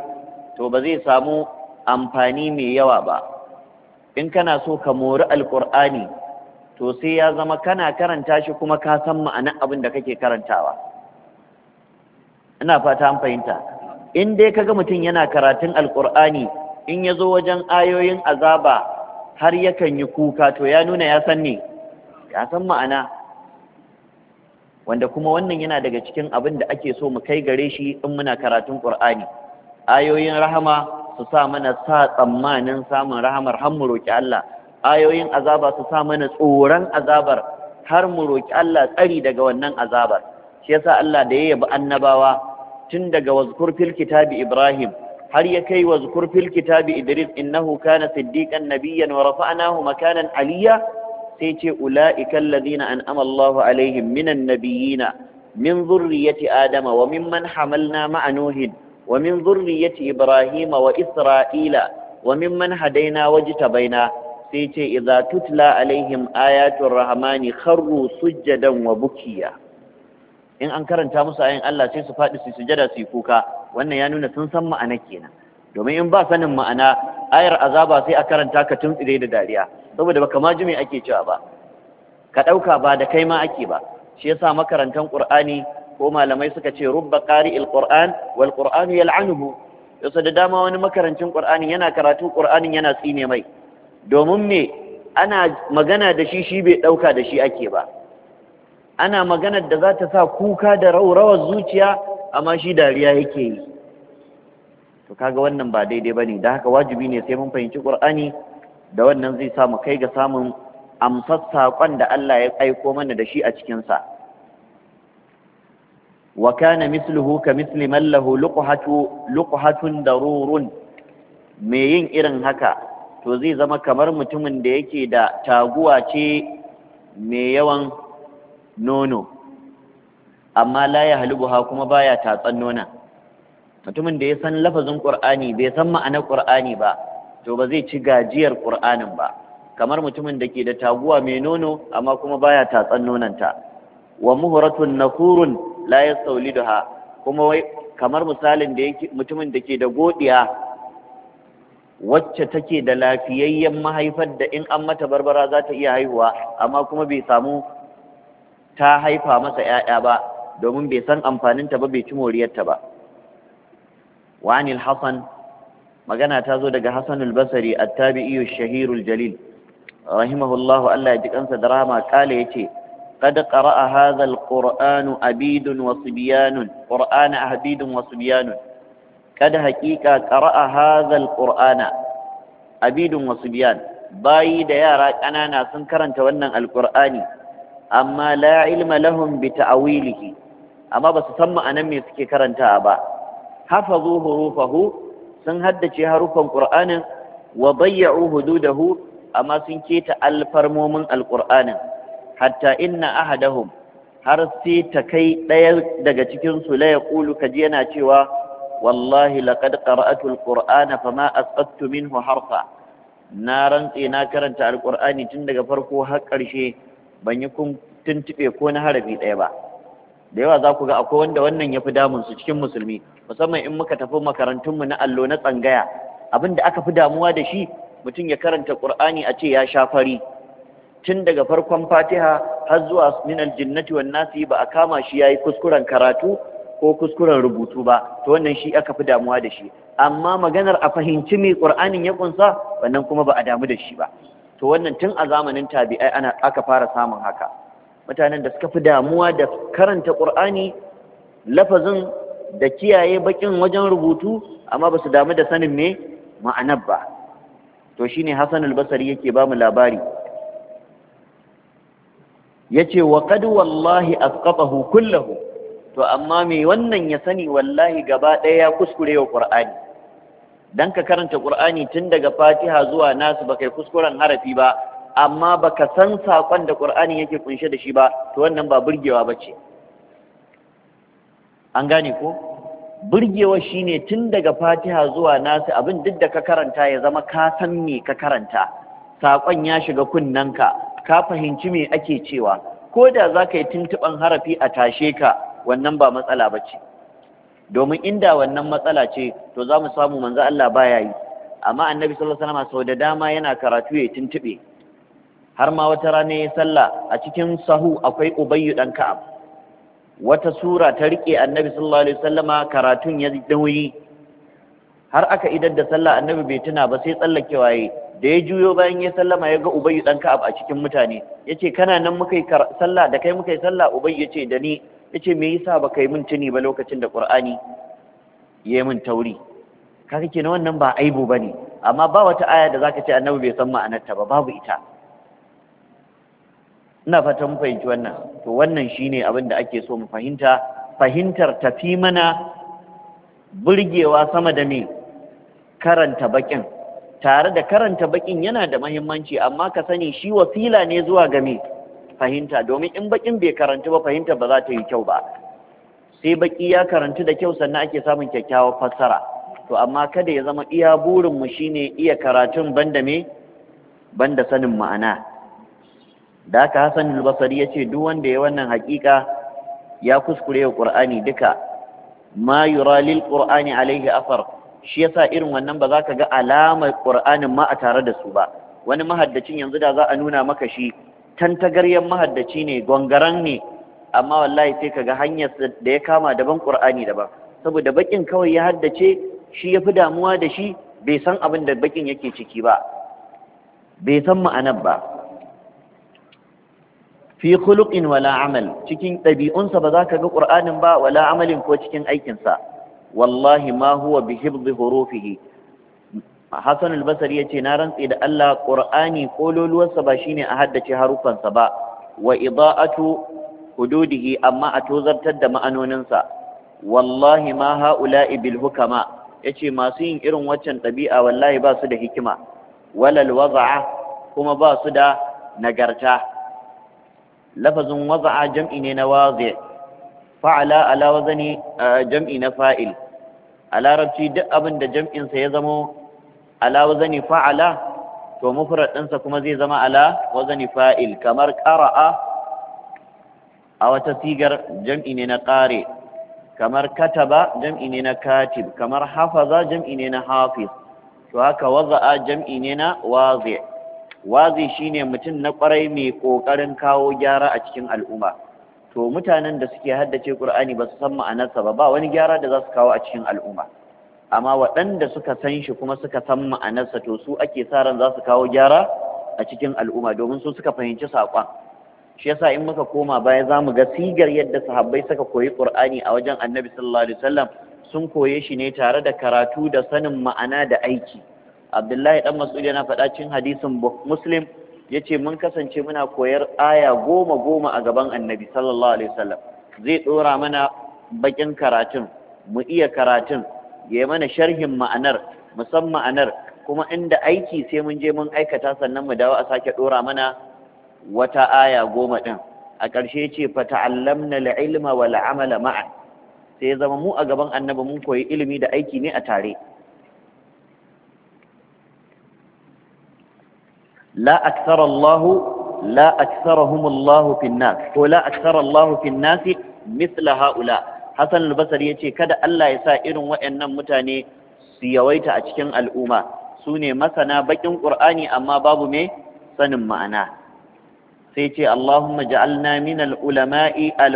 to ba zai samu amfani mai yawa ba in kana so ka mori alkur'ani to sai ya zama kana karanta shi kuma ka san ma'anar abin da kake karantawa ina fata an fahimta in dai kaga mutum yana karatun alkur'ani in ya zo wajen ayoyin azaba har yakan yi kuka to ya nuna ya san ne ya san ma'ana wanda kuma wannan yana daga cikin abin da ake so mu kai gare shi in muna karatun ƙur'ani ayoyin rahama su sa mana sa tsammanin samun rahamar har mu roƙi Allah ayoyin azaba su sa mana tsoron azabar har mu roƙi Allah tsari daga wannan azabar shi yasa Allah da ya yabi annabawa tun daga wazkur fil kitabi Ibrahim har ya kai wazkur fil kitabi Idris innahu kana siddiqan nabiyyan wa rafa'nahu makanan aliyya sai ce ula'ika alladhina an'ama Allahu alaihim minan nabiyyina min zurriyyati adama wa mimman hamalna ma'a nuhin Wa Isra'ila, ومن waje ta وإسرائيل وممن sai ce سيتي Tutla تتلى Ayatu آيات الرحمن Sujjadan wa Bukiya. in an karanta musu ayin Allah sai su faɗi su sujada su yi kuka wannan ya nuna sun san ma'ana kenan domin in ba sanin ma'ana ayar azaba sai a karanta ka tuntsire da dariya saboda ka ma jume ake cewa ba ka ɗauka ba da kai ma ake ba shi yasa makarantan Qur'ani ko malamai suka ce rubba qari alquran wal qur'anu yal'anuhu yasa da dama wani makarancin qur'anin yana karatu qur'anin yana tsine mai domin me ana magana da shi shi bai ɗauka da shi ake ba ana magana da za ta sa kuka da raurawar zuciya amma shi dariya yake yi to kaga wannan ba daidai ne. da haka wajibi ne sai mun fahimci qur'ani da wannan zai sa mu kai ga samun amsar saƙon da Allah ya aiko mana da shi a cikinsa وكان مثله كمثل من له لقحة لقحة ضرور ميين إرن هكا توزي زما كمر متمن da yake da taguwa ce mai yawan nono amma la ya kuma baya tatsan nona mutumin da ya san lafazin qur'ani bai san ma'anar qur'ani ba to ba zai ci gajiyar qur'anin ba kamar mutumin da ke da taguwa mai nono amma kuma baya tatsan nonanta wa muhratun nakurun la sauliduha kuma wai kamar misalin da yake mutumin da ke da godiya wacce take da lafiyayyen mahaifar da in an mata barbara za ta iya haihuwa amma kuma bai samu ta haifa masa ‘ya'ya ba domin bai san amfanin ta ba bai ci moriyarta ba Wanil hassan magana ta zo daga hassan basari attabi'iyu shahirul jalil rahimahullahu allah ya ji kansa da rahama Kale ya ce قد قرأ هذا القرآن أبيد وصبيان قرآن أبيد وصبيان قد حقيقة قرأ هذا القرآن أبيد وصبيان باي ديارا أنا ناس كرنت ونن القرآن أما لا علم لهم بتأويله أما بس سمى أنا ميسكي كرنت أبا حفظوا حروفه سنهدت حروف القرآن وضيعوا حدوده أما سنكيت الفرموم القرآن hatta inna ahadahum har sai ta kai ɗaya daga cikin su la yaqulu kaji yana cewa wallahi laqad qara'atu alqur'ana fama asqattu minhu harfa na rantse na karanta alqur'ani tun daga farko har ƙarshe ban yi kun tuntube ko na harafi ɗaya ba da yawa za ku ga akwai wanda wannan ya fi damun su cikin musulmi musamman in muka tafi makarantunmu na allo na tsangaya abin da aka fi damuwa da shi mutum ya karanta ƙur'ani a ce ya sha fari tun daga farkon fatiha har zuwa minal jinnati wan nasi ba a kama shi yayi kuskuren karatu ko kuskuren rubutu ba to wannan shi aka fi damuwa da shi amma maganar a fahimci me qur'anin ya kunsa wannan kuma ba a damu da shi ba to wannan tun a zamanin tabi'ai ana aka fara samun haka mutanen da suka fi damuwa da karanta qur'ani lafazin da kiyaye bakin wajen rubutu amma ba su damu da sanin me ma'anar ba to shine Hassan al-Basri yake ba mu labari yace wa wallahi asqatahu kullahu to amma me wannan ya sani wallahi gaba ɗaya ya kuskure wa qur'ani dan ka karanta qur'ani tun daga fatiha zuwa nasu baka kuskuren harafi ba amma ba ka san saƙon da qur'ani yake kunshe da shi ba to wannan ba burgewa ce. an gane ko burgewa shine tun daga fatiha zuwa nasu abin duk da ka karanta ya zama ka san me ka karanta Saƙon ya shiga kunnenka ka fahimci me ake cewa ko da za ka yi tuntuɓan harafi a tashe ka wannan ba matsala ba ce domin inda wannan matsala ce to za mu samu manzo Allah baya yi amma annabi sallallahu alaihi wasallam sau da dama yana karatu ya tuntube har ma wata rana ya salla, a cikin sahu akwai ubayyu dan ka'ab wata sura ta rike annabi sallallahu alaihi wasallama karatun ya dauyi har aka idar da sallah annabi bai tuna ba sai tsallakewa yayi da ya juyo bayan ya sallama ya ga ubayi dan ka'ab a cikin mutane yace kana nan muka yi sallah da kai muka yi sallah ya yace da ni yace me yasa ba kai mun tuni ba lokacin da qur'ani yayi mun tauri kaga kenan wannan ba aibu bane amma ba wata aya da zaka ce annabi bai san ma'anarta ba babu ita ina fatan mu fahimci wannan to wannan shine abin da ake so mu fahimta fahimtar tafi mana burgewa sama da me karanta bakin tare da karanta bakin yana da mahimmanci amma ka sani shi wasila ne zuwa ga me fahimta domin in bakin bai karanta ba fahimta ba za ta yi kyau ba sai baki ya karanta da kyau sannan ake samun kyakkyawar fassara to amma kada ya zama iya burin mu shine iya karatun banda me banda sanin ma'ana da haka Hassan al-Basri yace duk wanda ya wannan hakika ya kuskure wa Qur'ani duka ma yura lil Qur'ani alaihi afar shi yasa irin wannan ba za ka ga alamar ƙur'anin ma a tare da su ba wani mahaddacin yanzu da za a nuna maka shi tantagaryen mahaddaci ne gwangaren ne amma wallahi sai ka ga hanyar da ya kama daban ƙur'ani daban saboda bakin kawai ya haddace shi ya fi damuwa da shi bai san abin da bakin yake ciki ba bai san ma'anar ba fi khuluqin wala amal cikin ɗabi'unsa ba za ka ga ƙur'anin ba wala amalin ko cikin aikinsa wallahi ma huwa bi hifdhi hurufihi Hassan yace na rantse da Allah Qur'ani kololuwarsa ba shine a haddace harufansa ba wa ida'atu hududihi amma a tozartar da ma'anoninsa wallahi ma ha'ula'i bil hukama yace masu yin irin waccan ɗabi'a wallahi ba su da hikima walal waza'a kuma ba su da nagarta lafazin waza'a jam'i ne na wazi fa'ala ala wazani eh, jam'i na fa'il a larabci duk abin da jam'insa ya zamo ala wazani fa'ala to mufrad ɗinsa kuma zai zama ala wazani fa'il kamar qara'a a wata sigar jam'i ne na ƙare. kamar kataba jam'i ne na katib kamar hafaza jam'i ne na hafiz to haka waza'a jam'i ne na wazi wazi shine mutum na kwarai mai ƙoƙarin kawo gyara a cikin al'umma to mutanen da suke haddace Qur'ani ba su san ma'anarsa ba ba wani gyara da za su kawo a cikin al'umma amma waɗanda suka san shi kuma suka san ma'anarsa to su ake sa ran za su kawo gyara a cikin al'umma domin su suka fahimci saƙon shi yasa in muka koma baya za mu ga sigar yadda sahabbai suka koyi Qur'ani a wajen Annabi sallallahu alaihi wasallam sun koye shi ne tare da karatu da sanin ma'ana da aiki Abdullahi dan Mas'ud yana faɗa cikin hadisin Muslim ya ce mun kasance muna koyar aya goma goma a gaban annabi sallallahu alaihi wasallam zai ɗora mana bakin karatun mu iya karatun ya yi mana sharhin ma'anar musamman ma'anar kuma inda aiki sai mun je mun aikata sannan mu dawo a sake ɗora mana wata aya goma ɗin a ƙarshe ce fa ta'allamna al-ilma wal amala ma'a sai zama mu a gaban annabi mun koyi ilimi da aiki ne a tare la akthara Allah la ko la akthara Allah haula Hassan al-Basri yace kada Allah ya sa irin waɗannan mutane su yawaita a cikin al'umma su ne masana baƙin Qur'ani amma babu mai sanin ma'ana sai ce Allahuma ja'alna min ulamai al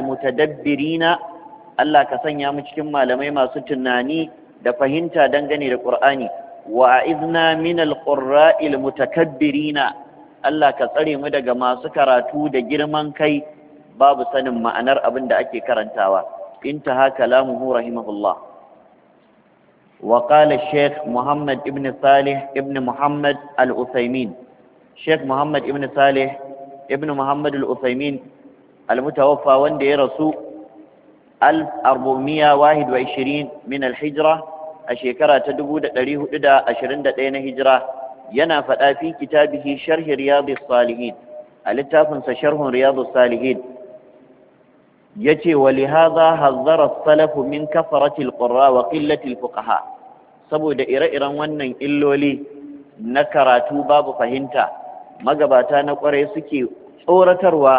Allah ka sanya mu cikin malamai masu tunani da fahimta dangane da Qur'ani wa minal min alqurra'il na. Allah ka tsare mu daga masu karatu da girman kai babu sanin ma'anar abin da ake karantawa haka lamuhu rahimahullah wa qala shaykh Muhammad ibn Salih ibn Muhammad al-Utsaimin Muhammad ibn Salih ibn Muhammad al al-mutawaffa wanda ya rasu 1421 min al-hijra a shekara ta 421 na hijira yana faɗa fi kitabihi sharhi riyadus salihin a littafinsa sharhun riyadus salihin yace wa lihaza hazzara salafu min kafarati alqurra wa qillati alfuqaha saboda ire-iren wannan illoli na karatu babu fahimta magabata na kwarai suke tsoratarwa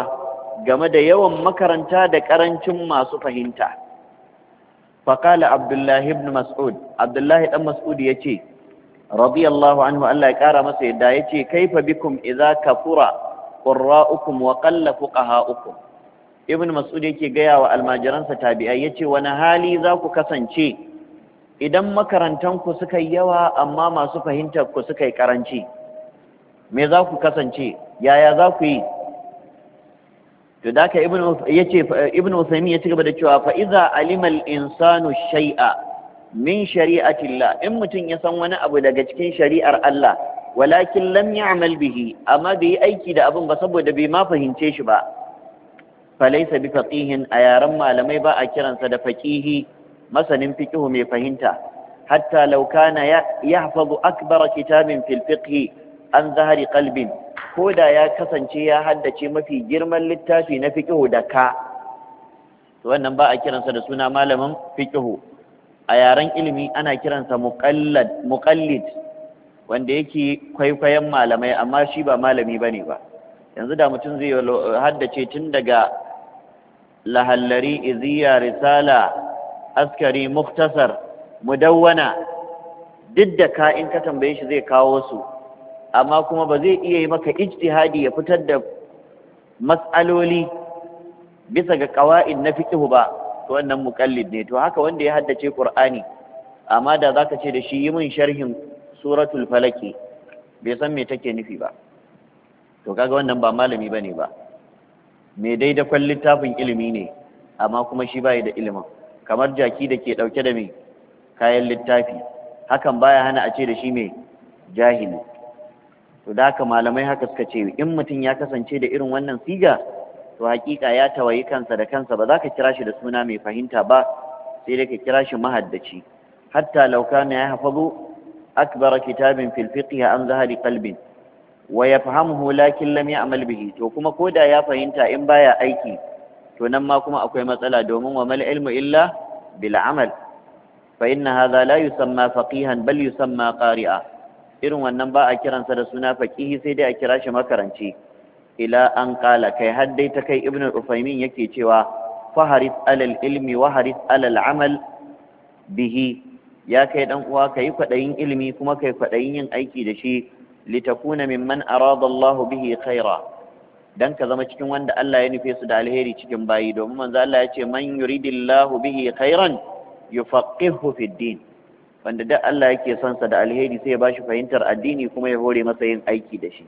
game da yawan makaranta da ƙarancin masu fahimta فقال عبد الله بن مسعود عبد الله بن مسعود يتي رضي الله عنه الله يكار مسعود يتي كيف بكم إذا كفر قراءكم وقل فقهاؤكم ابن مسعود يتي قيا والماجران ستابعي يتي ونهالي ذاك كسنشي idan makarantanku suka yi yawa amma masu fahimtar ku suka yi karanci me za ku kasance yaya za ku yi to da ka ibn usaimi ya ci gaba da cewa fa iza alimal insanu shay'a min shari'atillah in mutum ya san wani abu daga cikin shari'ar Allah walakin lam ya'mal bihi amma bai yi aiki da abin ba saboda bai ma fahimce shi ba falaisa bi faqihin a yaren malamai ba a kiransa da faqihi masanin fiqhu mai fahimta hatta law kana yahfazu akbara kitabin fil fiqhi an zahari qalbin ko da ya kasance ya haddace mafi girman littafi na fiqhu da ka to wannan ba a kiransa da suna malamin fiqhu a yaren ilimi ana kiransa muqallad muqallid wanda yake kwaikwayon malamai amma shi ba malami bane ba yanzu da mutum zai haddace tun daga lahallari iziya risala askari muktasar mudawwana duk da ka in ka tambaye shi zai kawo su amma kuma ba zai iya yi maka ijtihadi ya fitar da matsaloli bisa ga kawa'in na fiqh ba to wannan muqallid ne to haka wanda ya haddace Qur'ani amma da zaka ce da shi yi min sharhin suratul falaki bai san me take nufi ba to kaga wannan ba malami bane ba me dai da littafin ilimi ne amma kuma shi bai da ilimin kamar jaki da ke dauke da me kayan littafi hakan baya hana a ce da shi me jahili to da haka malamai haka suka ce in mutum ya kasance da irin wannan siga to hakika ya tawayi kansa da kansa ba za ka kira shi da suna mai fahimta ba sai dai ka kira shi mahaddaci hatta law kana ya hafazu akbara kitabin fil fiqh an zahari qalbin wa yafhamuhu lakin lam ya'mal bihi to kuma koda ya fahimta in baya aiki to nan ma kuma akwai matsala domin wa mal ilmu illa bil amal fa inna hadha la yusamma faqihan bal yusamma qari'a irin wannan ba a kiransa da suna faqihi sai dai a kira shi makaranci ila an kala kai har dai ta kai ibn al yake cewa faharis alal ilmi wa haris alal amal bihi ya kai dan uwa kai kwadayin ilmi kuma kai kwadayin yin aiki da shi litakuna mimman arada Allah bihi khaira dan ka zama cikin wanda Allah ya nufe su da alheri cikin bayi domin manzo Allah ya ce man yuridillahu bihi khairan yufaqihu fid din wanda duk Allah yake sonsa da alheri sai ba shi fahimtar addini kuma ya hore masa yin aiki da shi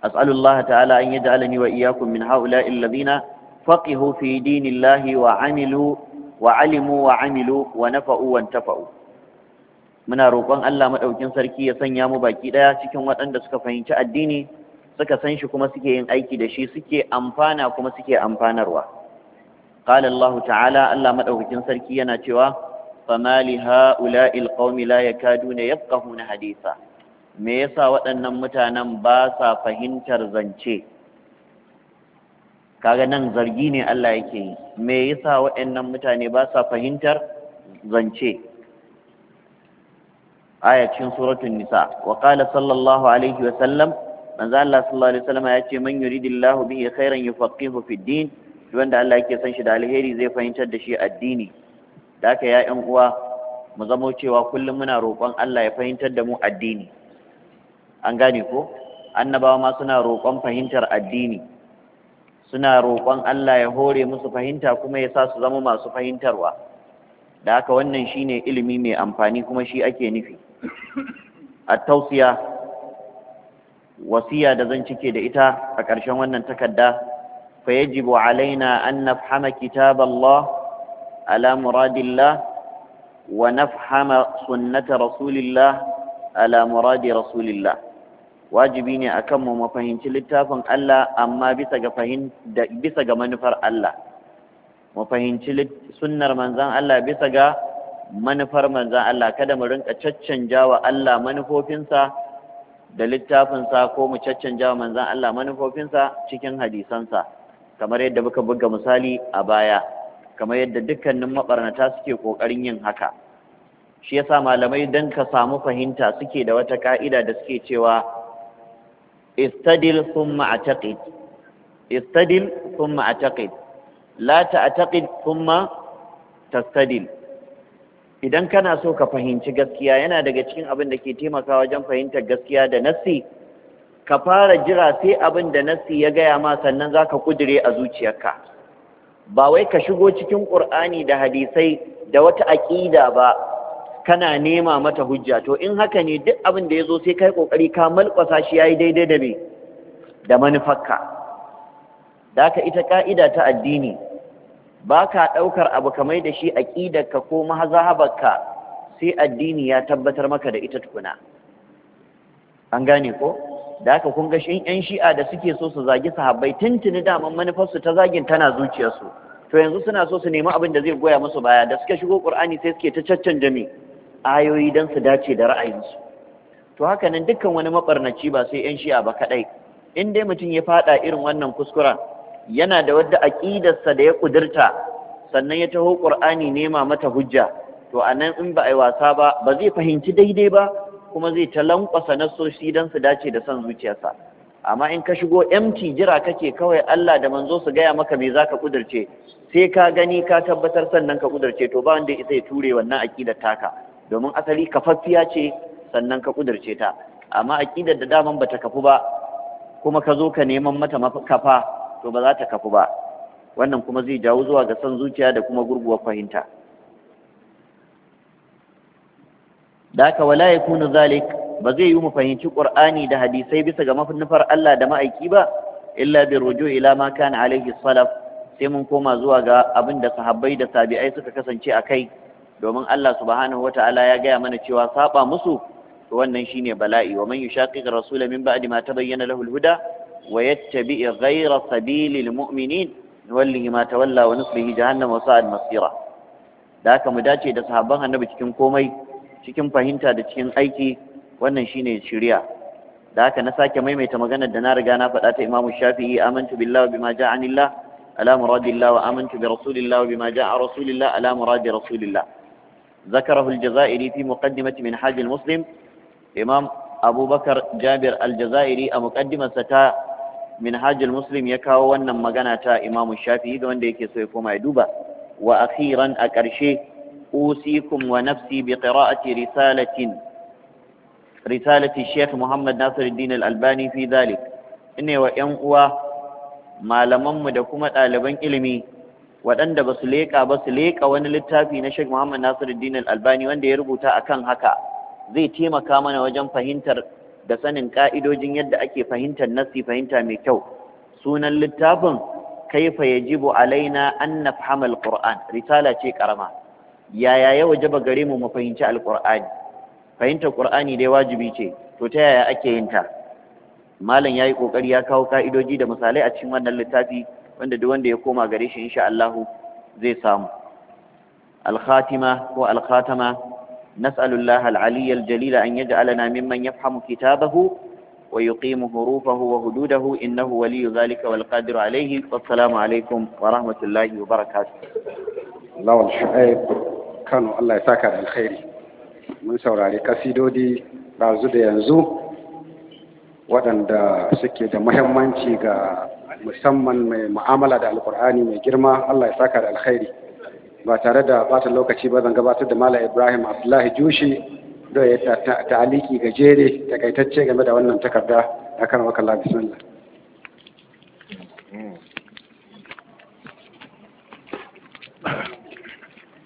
as'alullah ta'ala an ya yaj'alani wa iyyakum min ha'ula'i alladhina faqihu fi dinillahi wa 'amilu wa 'alimu wa 'amilu wa nafa'u wa tafa'u muna rokon Allah madaukin sarki ya sanya mu baki ɗaya cikin waɗanda suka fahimci addini suka san shi kuma suke yin aiki da suke amfana kuma suke amfanarwa qala ta'ala Allah madaukakin sarki yana cewa فما لهؤلاء القوم لا يكادون يفقهون حديثا me yasa waɗannan mutanen ba sa fahimtar zance kaga nan zargi ne Allah yake yi me yasa waɗannan mutane ba sa fahimtar zance aya cikin suratul nisa wa qala sallallahu alaihi wa sallam manzo Allah sallallahu alaihi wa sallam ya ce man yuridillahu bihi khairan yufaqihu fid din wanda Allah yake son shi da alheri zai fahimtar da shi addini da aka ya 'yan uwa mu zamo cewa kullum muna roƙon Allah ya fahimtar da mu addini an gane ko annabawa ma suna roƙon fahimtar addini suna roƙon Allah ya hore musu fahimta kuma ya sa su zama masu fahimtarwa da aka wannan shine ilimi mai amfani kuma shi ake nufi A tausiya wasiya da zan cike da ita a ƙarshen wannan takarda fa yajibu alaina an nafhama kitab Allah على مراد الله ونفهم سنة رسول الله على مراد رسول الله wajibi ne a kanmu mu fahimci littafin Allah amma bisa ga bisa ga manufar Allah mu fahimci sunnar manzan Allah bisa ga manufar manzan Allah kada mu rinka caccanja wa Allah manufofinsa da littafinsa ko mu caccanja wa manzan Allah manufofinsa cikin hadisansa kamar yadda muka buga misali a baya kamar yadda dukkanin mabarnata suke kokarin yin haka shi yasa malamai dan ka samu fahimta suke da wata ka'ida da suke cewa istadil thumma ataqid istadil thumma ataqid la ta'taqid thumma tastadil idan kana so ka fahimci gaskiya yana daga cikin abin da ke taimakawa wajen fahimtar gaskiya da nassi ka fara jira sai abin da nassi ya gaya ma sannan za ka kudire a zuciyarka ba wai ka shigo cikin ƙur'ani da hadisai da wata aƙida ba kana nema mata hujja to in haka ne duk abin da ya zo sai kai ƙoƙari ka malƙwasa shi ya yi daidai da me da manufarka da ka ita ƙa'ida ta addini ba ka ɗaukar abu kamar da shi ka ko mahazahabarka sai addini ya tabbatar maka da ita tukuna an gane ko da haka kun ga shin yan shi'a da suke so su zagi sahabbai tuntuni daman manufarsu ta zagin tana zuciyarsu to yanzu suna so su nemi abin da zai goya musu baya da suka shigo qur'ani sai suke ta caccan jami ayoyi dan su dace da ra'ayinsu to haka nan dukkan wani mabarnaci ba sai yan shi'a ba kadai in dai mutum ya fada irin wannan kuskuren yana da wadda aqidarsa da ya kudirta sannan ya taho qur'ani nema mata hujja to anan in ba ai wasa ba ba zai fahimci daidai ba kuma zai ta lankwasa nasoshi don su dace da son zuciyarsa amma in ka shigo empty jira kake kawai Allah da manzo su gaya maka me zaka kudirce sai ka gani ka tabbatar sannan ka kudirce to ba wanda ya ture wannan aqidar taka domin asali kafaffiya ce sannan ka kudirce ta amma aqidar da daman bata kafu ba kuma ka zo ka neman mata kafa to ba za ta kafu ba wannan kuma zai jawo zuwa ga son zuciya da kuma gurguwar fahimta da haka wala yakunu zalik ba zai yi mu fahimci Kur'ani da hadisai bisa ga manufar Allah da ma'aiki ba illa bi ruju' ila ma kana alaihi salaf sai mun koma zuwa ga abin da sahabbai da tabi'ai suka kasance a kai domin Allah subhanahu wata'ala ya gaya mana cewa saba musu to wannan shine bala'i wa man yushaqiq rasula min ba'di ma tabayyana lahu al-huda wa yattabi' ghayra sabilil mu'minin nuwallihi ma tawalla wa nuslihi jahannama wa sa'at masira da haka mu dace da sahabban annabi cikin komai cikin fahimta da cikin aiki wannan shine shiriya da haka na sake maimaita maganar da na riga na faɗa ta Imam Shafi'i amantu billahi wa bima ja'a anillah ala muradillah wa amantu bi rasulillah wa bima ja'a rasulillah ala muradi rasulillah ذكره الجزائري a مقدمة منحاج المسلم إمام أبو بكر جابر الجزائري مقدمة ستا منحاج المسلم da wanda yake so ya koma ya duba سيكو معدوبة وأخيرا أوصيكم ونفسي بقراءة رسالة رسالة الشيخ محمد ناصر الدين الألباني في ذلك إني وإن أوا ما لمم دكما طالبان إلمي waɗanda ba su leƙa ba su leƙa wani littafi na Sheikh Muhammad Nasiruddin Al-Albani wanda ya rubuta akan haka zai taimaka mana wajen fahimtar da sanin ka'idojin yadda ake fahimtar nassi fahimta mai kyau sunan littafin kaifa yajibu alaina an nafhama quran risala ce karama yaya ya wajaba gare mu mu fahimci alqur'ani fahimtar qur'ani dai wajibi ce to ta yaya ake yin ta malam yayi kokari ya kawo ka'idoji da misalai a cikin wannan littafi wanda duk wanda ya koma gare shi insha Allah zai samu al-khatima ko al-khatama nas'alullah al-ali al-jalil an yaj'alana mimman yafhamu kitabahu wa yuqimu hurufahu wa hududahu innahu waliyyu dhalika wal qadiru alayhi wassalamu alaykum wa rahmatullahi wa barakatuh Kano Allah ya saka da alkhairi mun saurari kasidodi ɗazu da yanzu waɗanda suke da muhimmanci ga musamman mai mu'amala da alkur'ani mai girma Allah ya saka da alkhairi ba tare da bata lokaci ba zan gabatar da Malam Ibrahim Abdullahi Jushi da ya ta'aliki gajere takaitacce game da wannan takarda akan wakala bismillah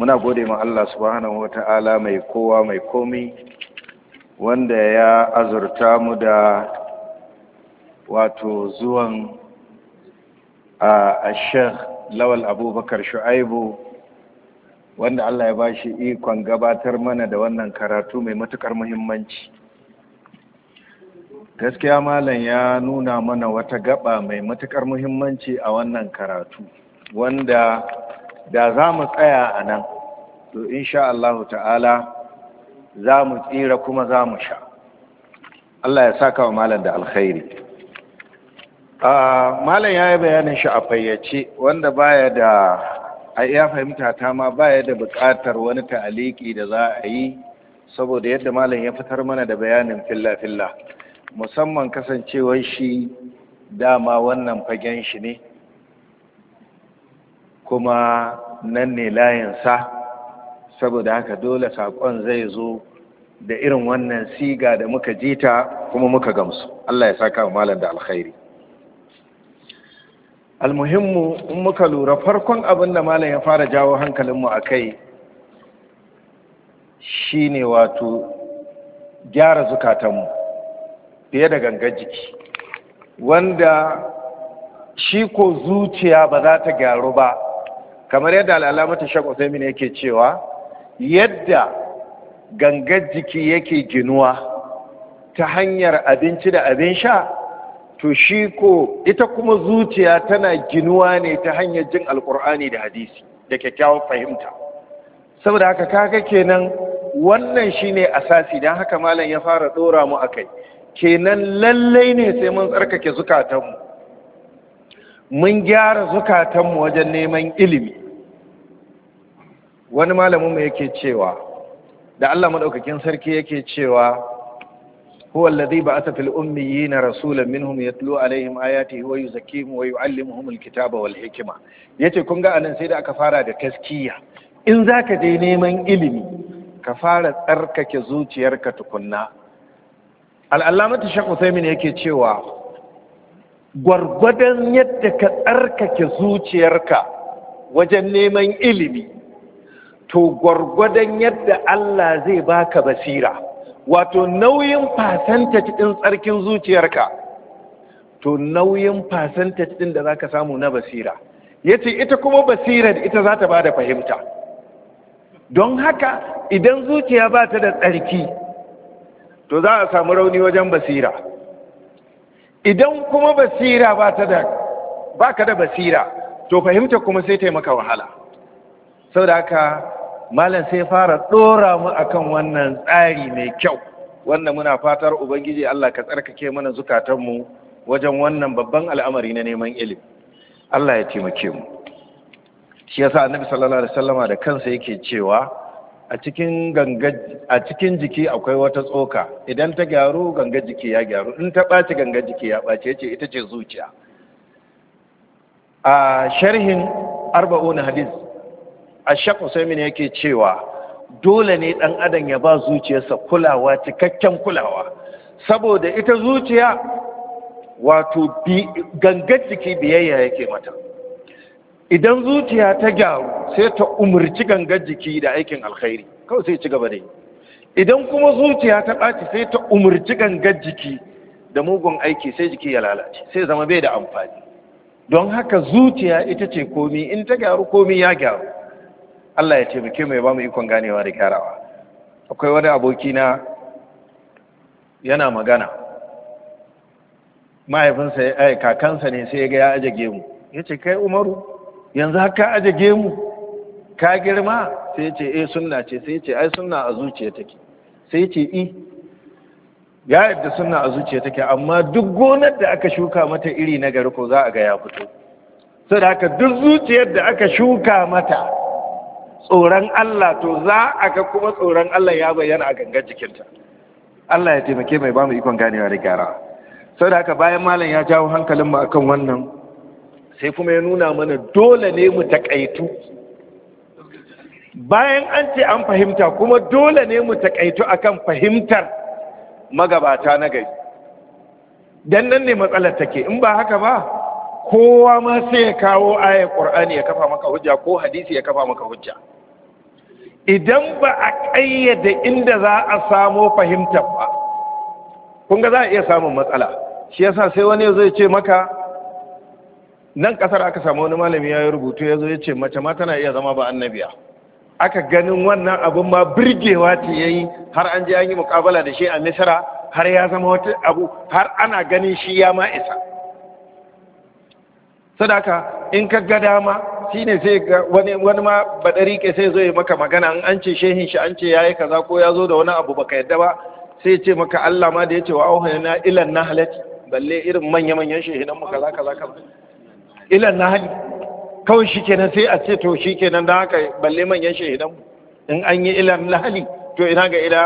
muna gode ma Allah subhanahu wata'ala mai kowa mai komi wanda ya azurta mu da wato zuwan a sheikh lawal abubakar shu'aibu wanda Allah ya bashi ikon gabatar mana da wannan karatu mai matukar muhimmanci gaskiya malam ya nuna mana wata gaba mai matukar muhimmanci a wannan karatu wanda da za mu tsaya a nan to insha Allah ta'ala za mu tsira kuma za mu sha Allah ya saka wa malam da alkhairi malam ya yi bayanin shi a fayyace wanda baya da a iya fahimta ta ma baya da buƙatar wani ta'aliki da za a yi saboda yadda malam ya fitar mana da bayanin filla-filla musamman kasancewar shi dama wannan fagen shi ne kuma nan ne layinsa saboda haka dole saƙon zai zo da irin wannan siga da muka jita kuma muka gamsu Allah ya saka wa malam da alkhairi almuhimmu in muka lura farkon abin da malam ya fara jawo hankalinmu a kai shine wato gyara zukatanmu fiye da gangar jiki wanda shi ko zuciya ba za ta gyaru ba kamar yadda al'alamatu shek mini yake cewa yadda gangar jiki yake ginuwa ta hanyar abinci da abin sha to shi ko ita kuma zuciya tana ginuwa ne ta hanyar jin alkur'ani da hadisi da kyakkyawar fahimta saboda haka kaga kenan wannan shine asasi don haka malam ya fara dora mu akai kenan lallai ne sai mun tsarkake zukatanmu mun gyara zukatanmu wajen neman ilimi wani malamin mu yake cewa da Allah madaukakin sarki yake cewa هو الذي بعث في الأميين رسولا منهم يتلو عليهم آياته ويزكيهم ويعلمهم الكتاب والحكمة yace kun ga anan sai da aka fara da taskiya in zaka je neman ilimi ka fara tsarkake zuciyarka tukunna al'allamatu shakku saimin yake cewa gwargwadon yadda ka tsarkake zuciyarka wajen neman ilimi to gwargwadon yadda Allah zai baka basira wato nauyin fasanta cikin tsarkin zuciyarka to nauyin fasanta cikin da zaka samu na basira yace ita kuma basira ita za ta bada fahimta don haka idan zuciya ba ta da tsarki to za a samu rauni wajen basira idan kuma basira ba ta da baka da basira to fahimta kuma sai taimaka wahala Sau da haka malam sai fara dora mu akan wannan tsari mai kyau Wannan muna fatar ubangiji Allah ka tsarkake mana zukatanmu wajen wannan babban al'amari na neman ilimi Allah ya taimake mu shi yasa annabi sallallahu alaihi wasallama da kansa yake cewa a cikin ganga a cikin jiki akwai wata tsoka idan ta gyaru ganga jiki ya gyaru in ta ɓaci ganga jiki ya ɓaci yace ita ce zuciya a sharhin arba'una hadith a shakku sai yake cewa dole ne ɗan adam ya ba zuciyarsa kulawa cikakken kulawa saboda ita zuciya wato gangar jiki biyayya yake mata idan zuciya ta gyaru sai ta umarci gangar jiki da aikin alkhairi kawai sai ci gaba da yi idan kuma zuciya ta ɓaci sai ta umarci gangar jiki da mugun aiki sai jiki ya lalace sai zama bai da amfani don haka zuciya ita ce komi in ta gyaru komi ya gyaru Allah ya taimake mu ya ba mu ikon ganewa da gyarawa akwai wani aboki na yana magana mahaifinsa ya aika eh, kakansa ne sai ya ga ya aje gemu ya ce kai umaru yanzu haka aje gemu ka girma sai ya ce eh sunna ce sai ya ce ai sunna a zuciya take sai ya ce i eh, ya yadda sunna a zuciya take amma duk gonar da aka shuka mata iri na gari ko za a ga ya fito saboda haka duk zuciyar da aka shuka mata tsoron Allah to za a ga kuma tsoron Allah ya bayyana a gangan jikinta Allah ya taimake mai ba mu ikon ganewa da gyara sau da haka bayan malam ya jawo hankalin mu akan wannan sai kuma ya nuna mana dole ne mu takaitu bayan an ce an fahimta kuma dole ne mu takaitu akan fahimtar magabata na gari dan nan ne matsalar take in ba haka ba kowa ma sai ya kawo ayar Ƙur'ani ya kafa maka hujja ko hadisi ya kafa maka hujja idan ba a ƙayyade inda za a samo fahimtar ba kunga za a iya samun matsala shi yasa sai wani ya zai ce maka nan ƙasar aka samu wani malami ya yi rubutu ya zo ya ce mace ma tana iya zama ba annabiya aka ganin wannan abin ma birgewa ce ya yi har an je an yi mukabala da shi a misira har ya zama wata abu har ana ganin shi ya ma isa sadaka in ka ga dama ne sai wani wani ma badari ke sai zo ya maka magana in an ce shehin shi an ce yayi kaza ko ya zo da wani abu baka yadda ba sai ce maka Allah ma da ya ce wa auhayna ilan nahlati balle irin manya manyan shehinan mu kaza kaza kaza ilan nahli kawai shikenan sai a ce to shikenan dan haka balle manyan shehinan mu in an yi ilan nahli to ina ga ila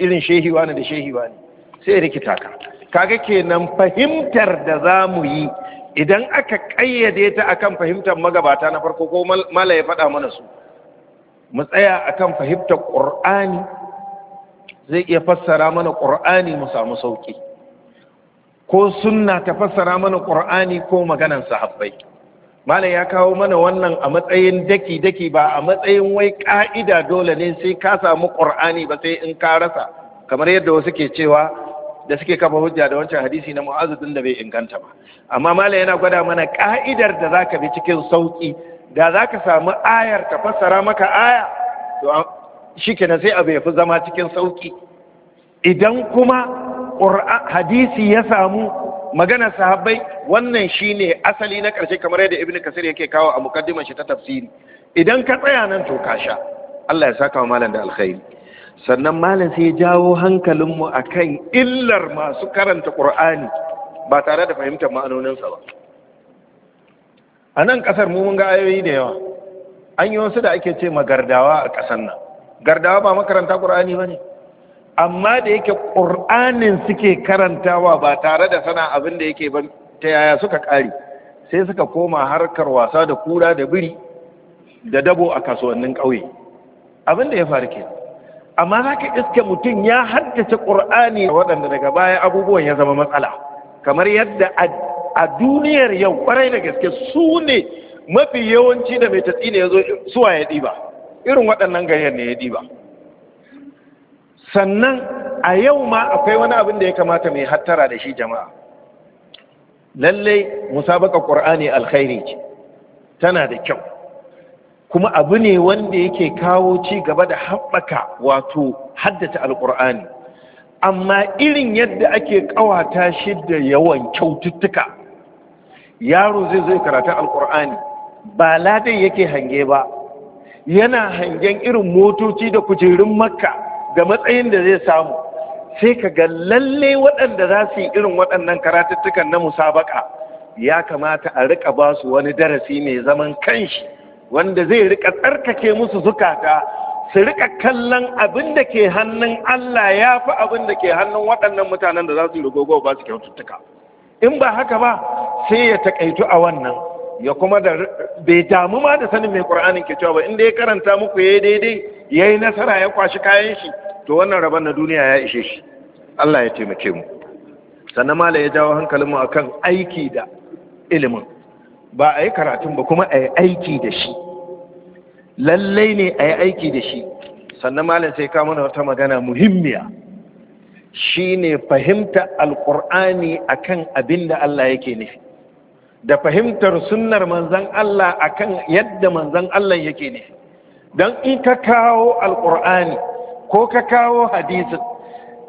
irin shehi wani da shehi wani sai rikita ka kaga kenan fahimtar da zamu yi idan aka ƙayyade ta akan fahimtar magabata na farko ko mala ya faɗa mana su mu tsaya akan fahimtar ƙur'ani zai iya fassara mana ƙur'ani mu samu sauƙi ko sunna ta fassara mana ƙur'ani ko maganan sahabbai malam ya kawo mana wannan a matsayin daki-daki ba a matsayin wai ƙa'ida dole ne sai ka samu ƙur'ani ba sai in ka rasa kamar yadda wasu ke cewa da suke kafa hujja da wancan hadisi na mu'azu din da bai inganta ba amma malam yana gwada mana ka'idar da zaka bi cikin sauki da zaka samu ayar ta fassara maka aya to shikenan sai abu ya fi zama cikin sauki idan kuma hadisi ya samu magana sahabbai wannan shine asali na ƙarshe kamar yadda ibnu kasir yake kawo a mukaddimar shi ta tafsiri idan ka tsaya nan to ka sha Allah ya saka wa malam da alkhairi sannan malam sai ya jawo hankalinmu a kan illar masu karanta ƙur'ani ba tare da fahimtar ma'anoninsa ba a nan ƙasar mun ga ayoyi da yawa an yi wasu da ake ce gardawa a ƙasar nan gardawa ba makaranta ƙur'ani ba ne amma da yake ƙur'anin suke karantawa ba tare da sana abin da yake ban ta yaya suka ƙari sai suka koma harkar wasa da kura da biri da dabo a kasuwannin ƙauye abin da ya faru kenan amma za ka iske mutum ya haddace ƙur'ani waɗanda daga baya abubuwan ya zama matsala kamar yadda a duniyar yau ƙwarai da gaske su ne mafi yawanci da mai tatsi ne ya zo suwa ya ɗiba irin waɗannan gayyar ne ya ɗiba sannan a yau ma akwai wani abin da ya kamata mai hattara da shi jama'a lallai musabaka ƙur'ani alkhairi ce tana da kyau kuma abu ne wanda yake kawo ci gaba da haɓaka wato haddata alƙur'ani amma irin yadda ake ƙawata shi da yawan kyaututtuka yaro zai zo karatu alƙur'ani ba ladai yake hange ba yana hangen irin motoci da kujerun makka ga matsayin da zai samu sai ka ga lalle waɗanda za su yi irin waɗannan karatuttukan na musabaka ya kamata a riƙa ba su wani darasi mai zaman kanshi wanda zai rika tsarkake musu zukata su rika kallon abin da ke hannun Allah ya fi abin da ke hannun waɗannan mutanen da za su yi gogo ba su kyaututtuka in ba haka ba sai ya takaitu a wannan ya kuma da bai damu ma da sanin mai ƙur'anin ke cewa ba inda ya karanta muku ya yi daidai ya yi nasara ya kwashi kayan shi to wannan rabon na duniya ya ishe shi Allah ya taimake mu sannan mala ya jawo hankalin hankalinmu akan aiki da ilimin ba a yi karatun ba kuma a yi aiki da shi lallai ne a yi aiki da shi sannan malam sai ka mana wata magana muhimmiya Shi shine fahimta alkur'ani kan abin da Allah yake nufi da fahimtar sunnar manzan Allah akan yadda manzan Allah yake nufi don in ka kawo alkur'ani ko ka kawo hadisin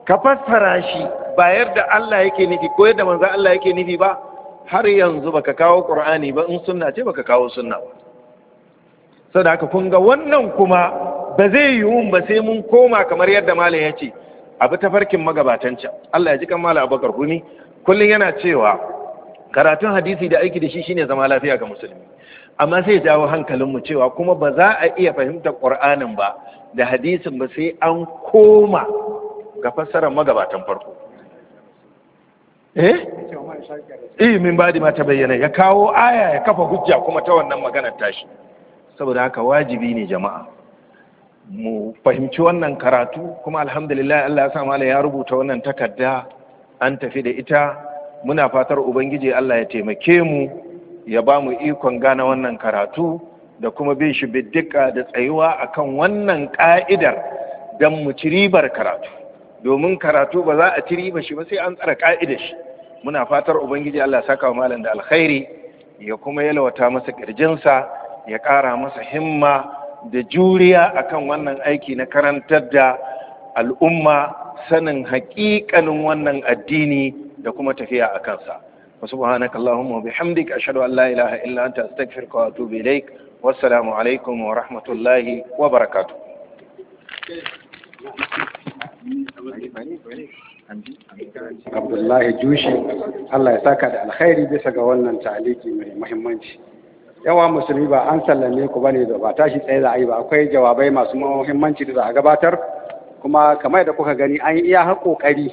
ka fassara shi ba yadda Allah yake nufi ko yadda manzan Allah yake nufi ba har yanzu baka kawo ƙur'ani ba in sunna ce baka kawo sunna ba saboda haka kun ga wannan kuma ba zai yi yiwu ba sai mun koma kamar yadda malam ya ce abu ta farkin magabatan can Allah ya ji kan malam Abubakar Gumi kullun yana cewa karatun hadisi da aiki da shi shine zama lafiya ga musulmi amma sai jawo hankalin mu cewa kuma ba za a iya fahimtar Qur'anin ba da hadisin ba sai an koma ga fassarar magabatan farko eh eh min ba ma ta bayyana ya kawo aya ya kafa hujja kuma ta wannan maganar tashi saboda haka wajibi ne jama'a mu fahimci wannan karatu kuma alhamdulillah Allah ya sa mala ya rubuta wannan takarda an tafi da ita muna fatar ubangiji Allah ya taimake mu ya ba mu ikon gane wannan karatu da kuma bin shi bidika da tsayuwa akan wannan ka'idar don mu ciribar karatu domin karatu ba za a ciriba shi ba sai an tsara ka'idar shi muna fatar ubangiji Allah saka wa malam da alkhairi ya kuma yalwata masa kirjinsa ya ƙara masa himma da juriya akan wannan aiki na karantar da al'umma sanin haƙiƙanin wannan addini da kuma tafiya a kansa subhanaka allahumma bihamdika ashhadu an la ilaha illa anta astaghfiruka wa atubu ilaik wassalamu alaikum wa rahmatullahi wa barakatuh abdullahi jushi allah ya saka da alkhairi bisa ga wannan taliki mai muhimmanci yawa musulmi ba an sallame ku bane da ba tashi tsaye za a yi ba akwai jawabai masu muhimmanci da za a gabatar kuma kamar da kuka gani an yi iya har kokari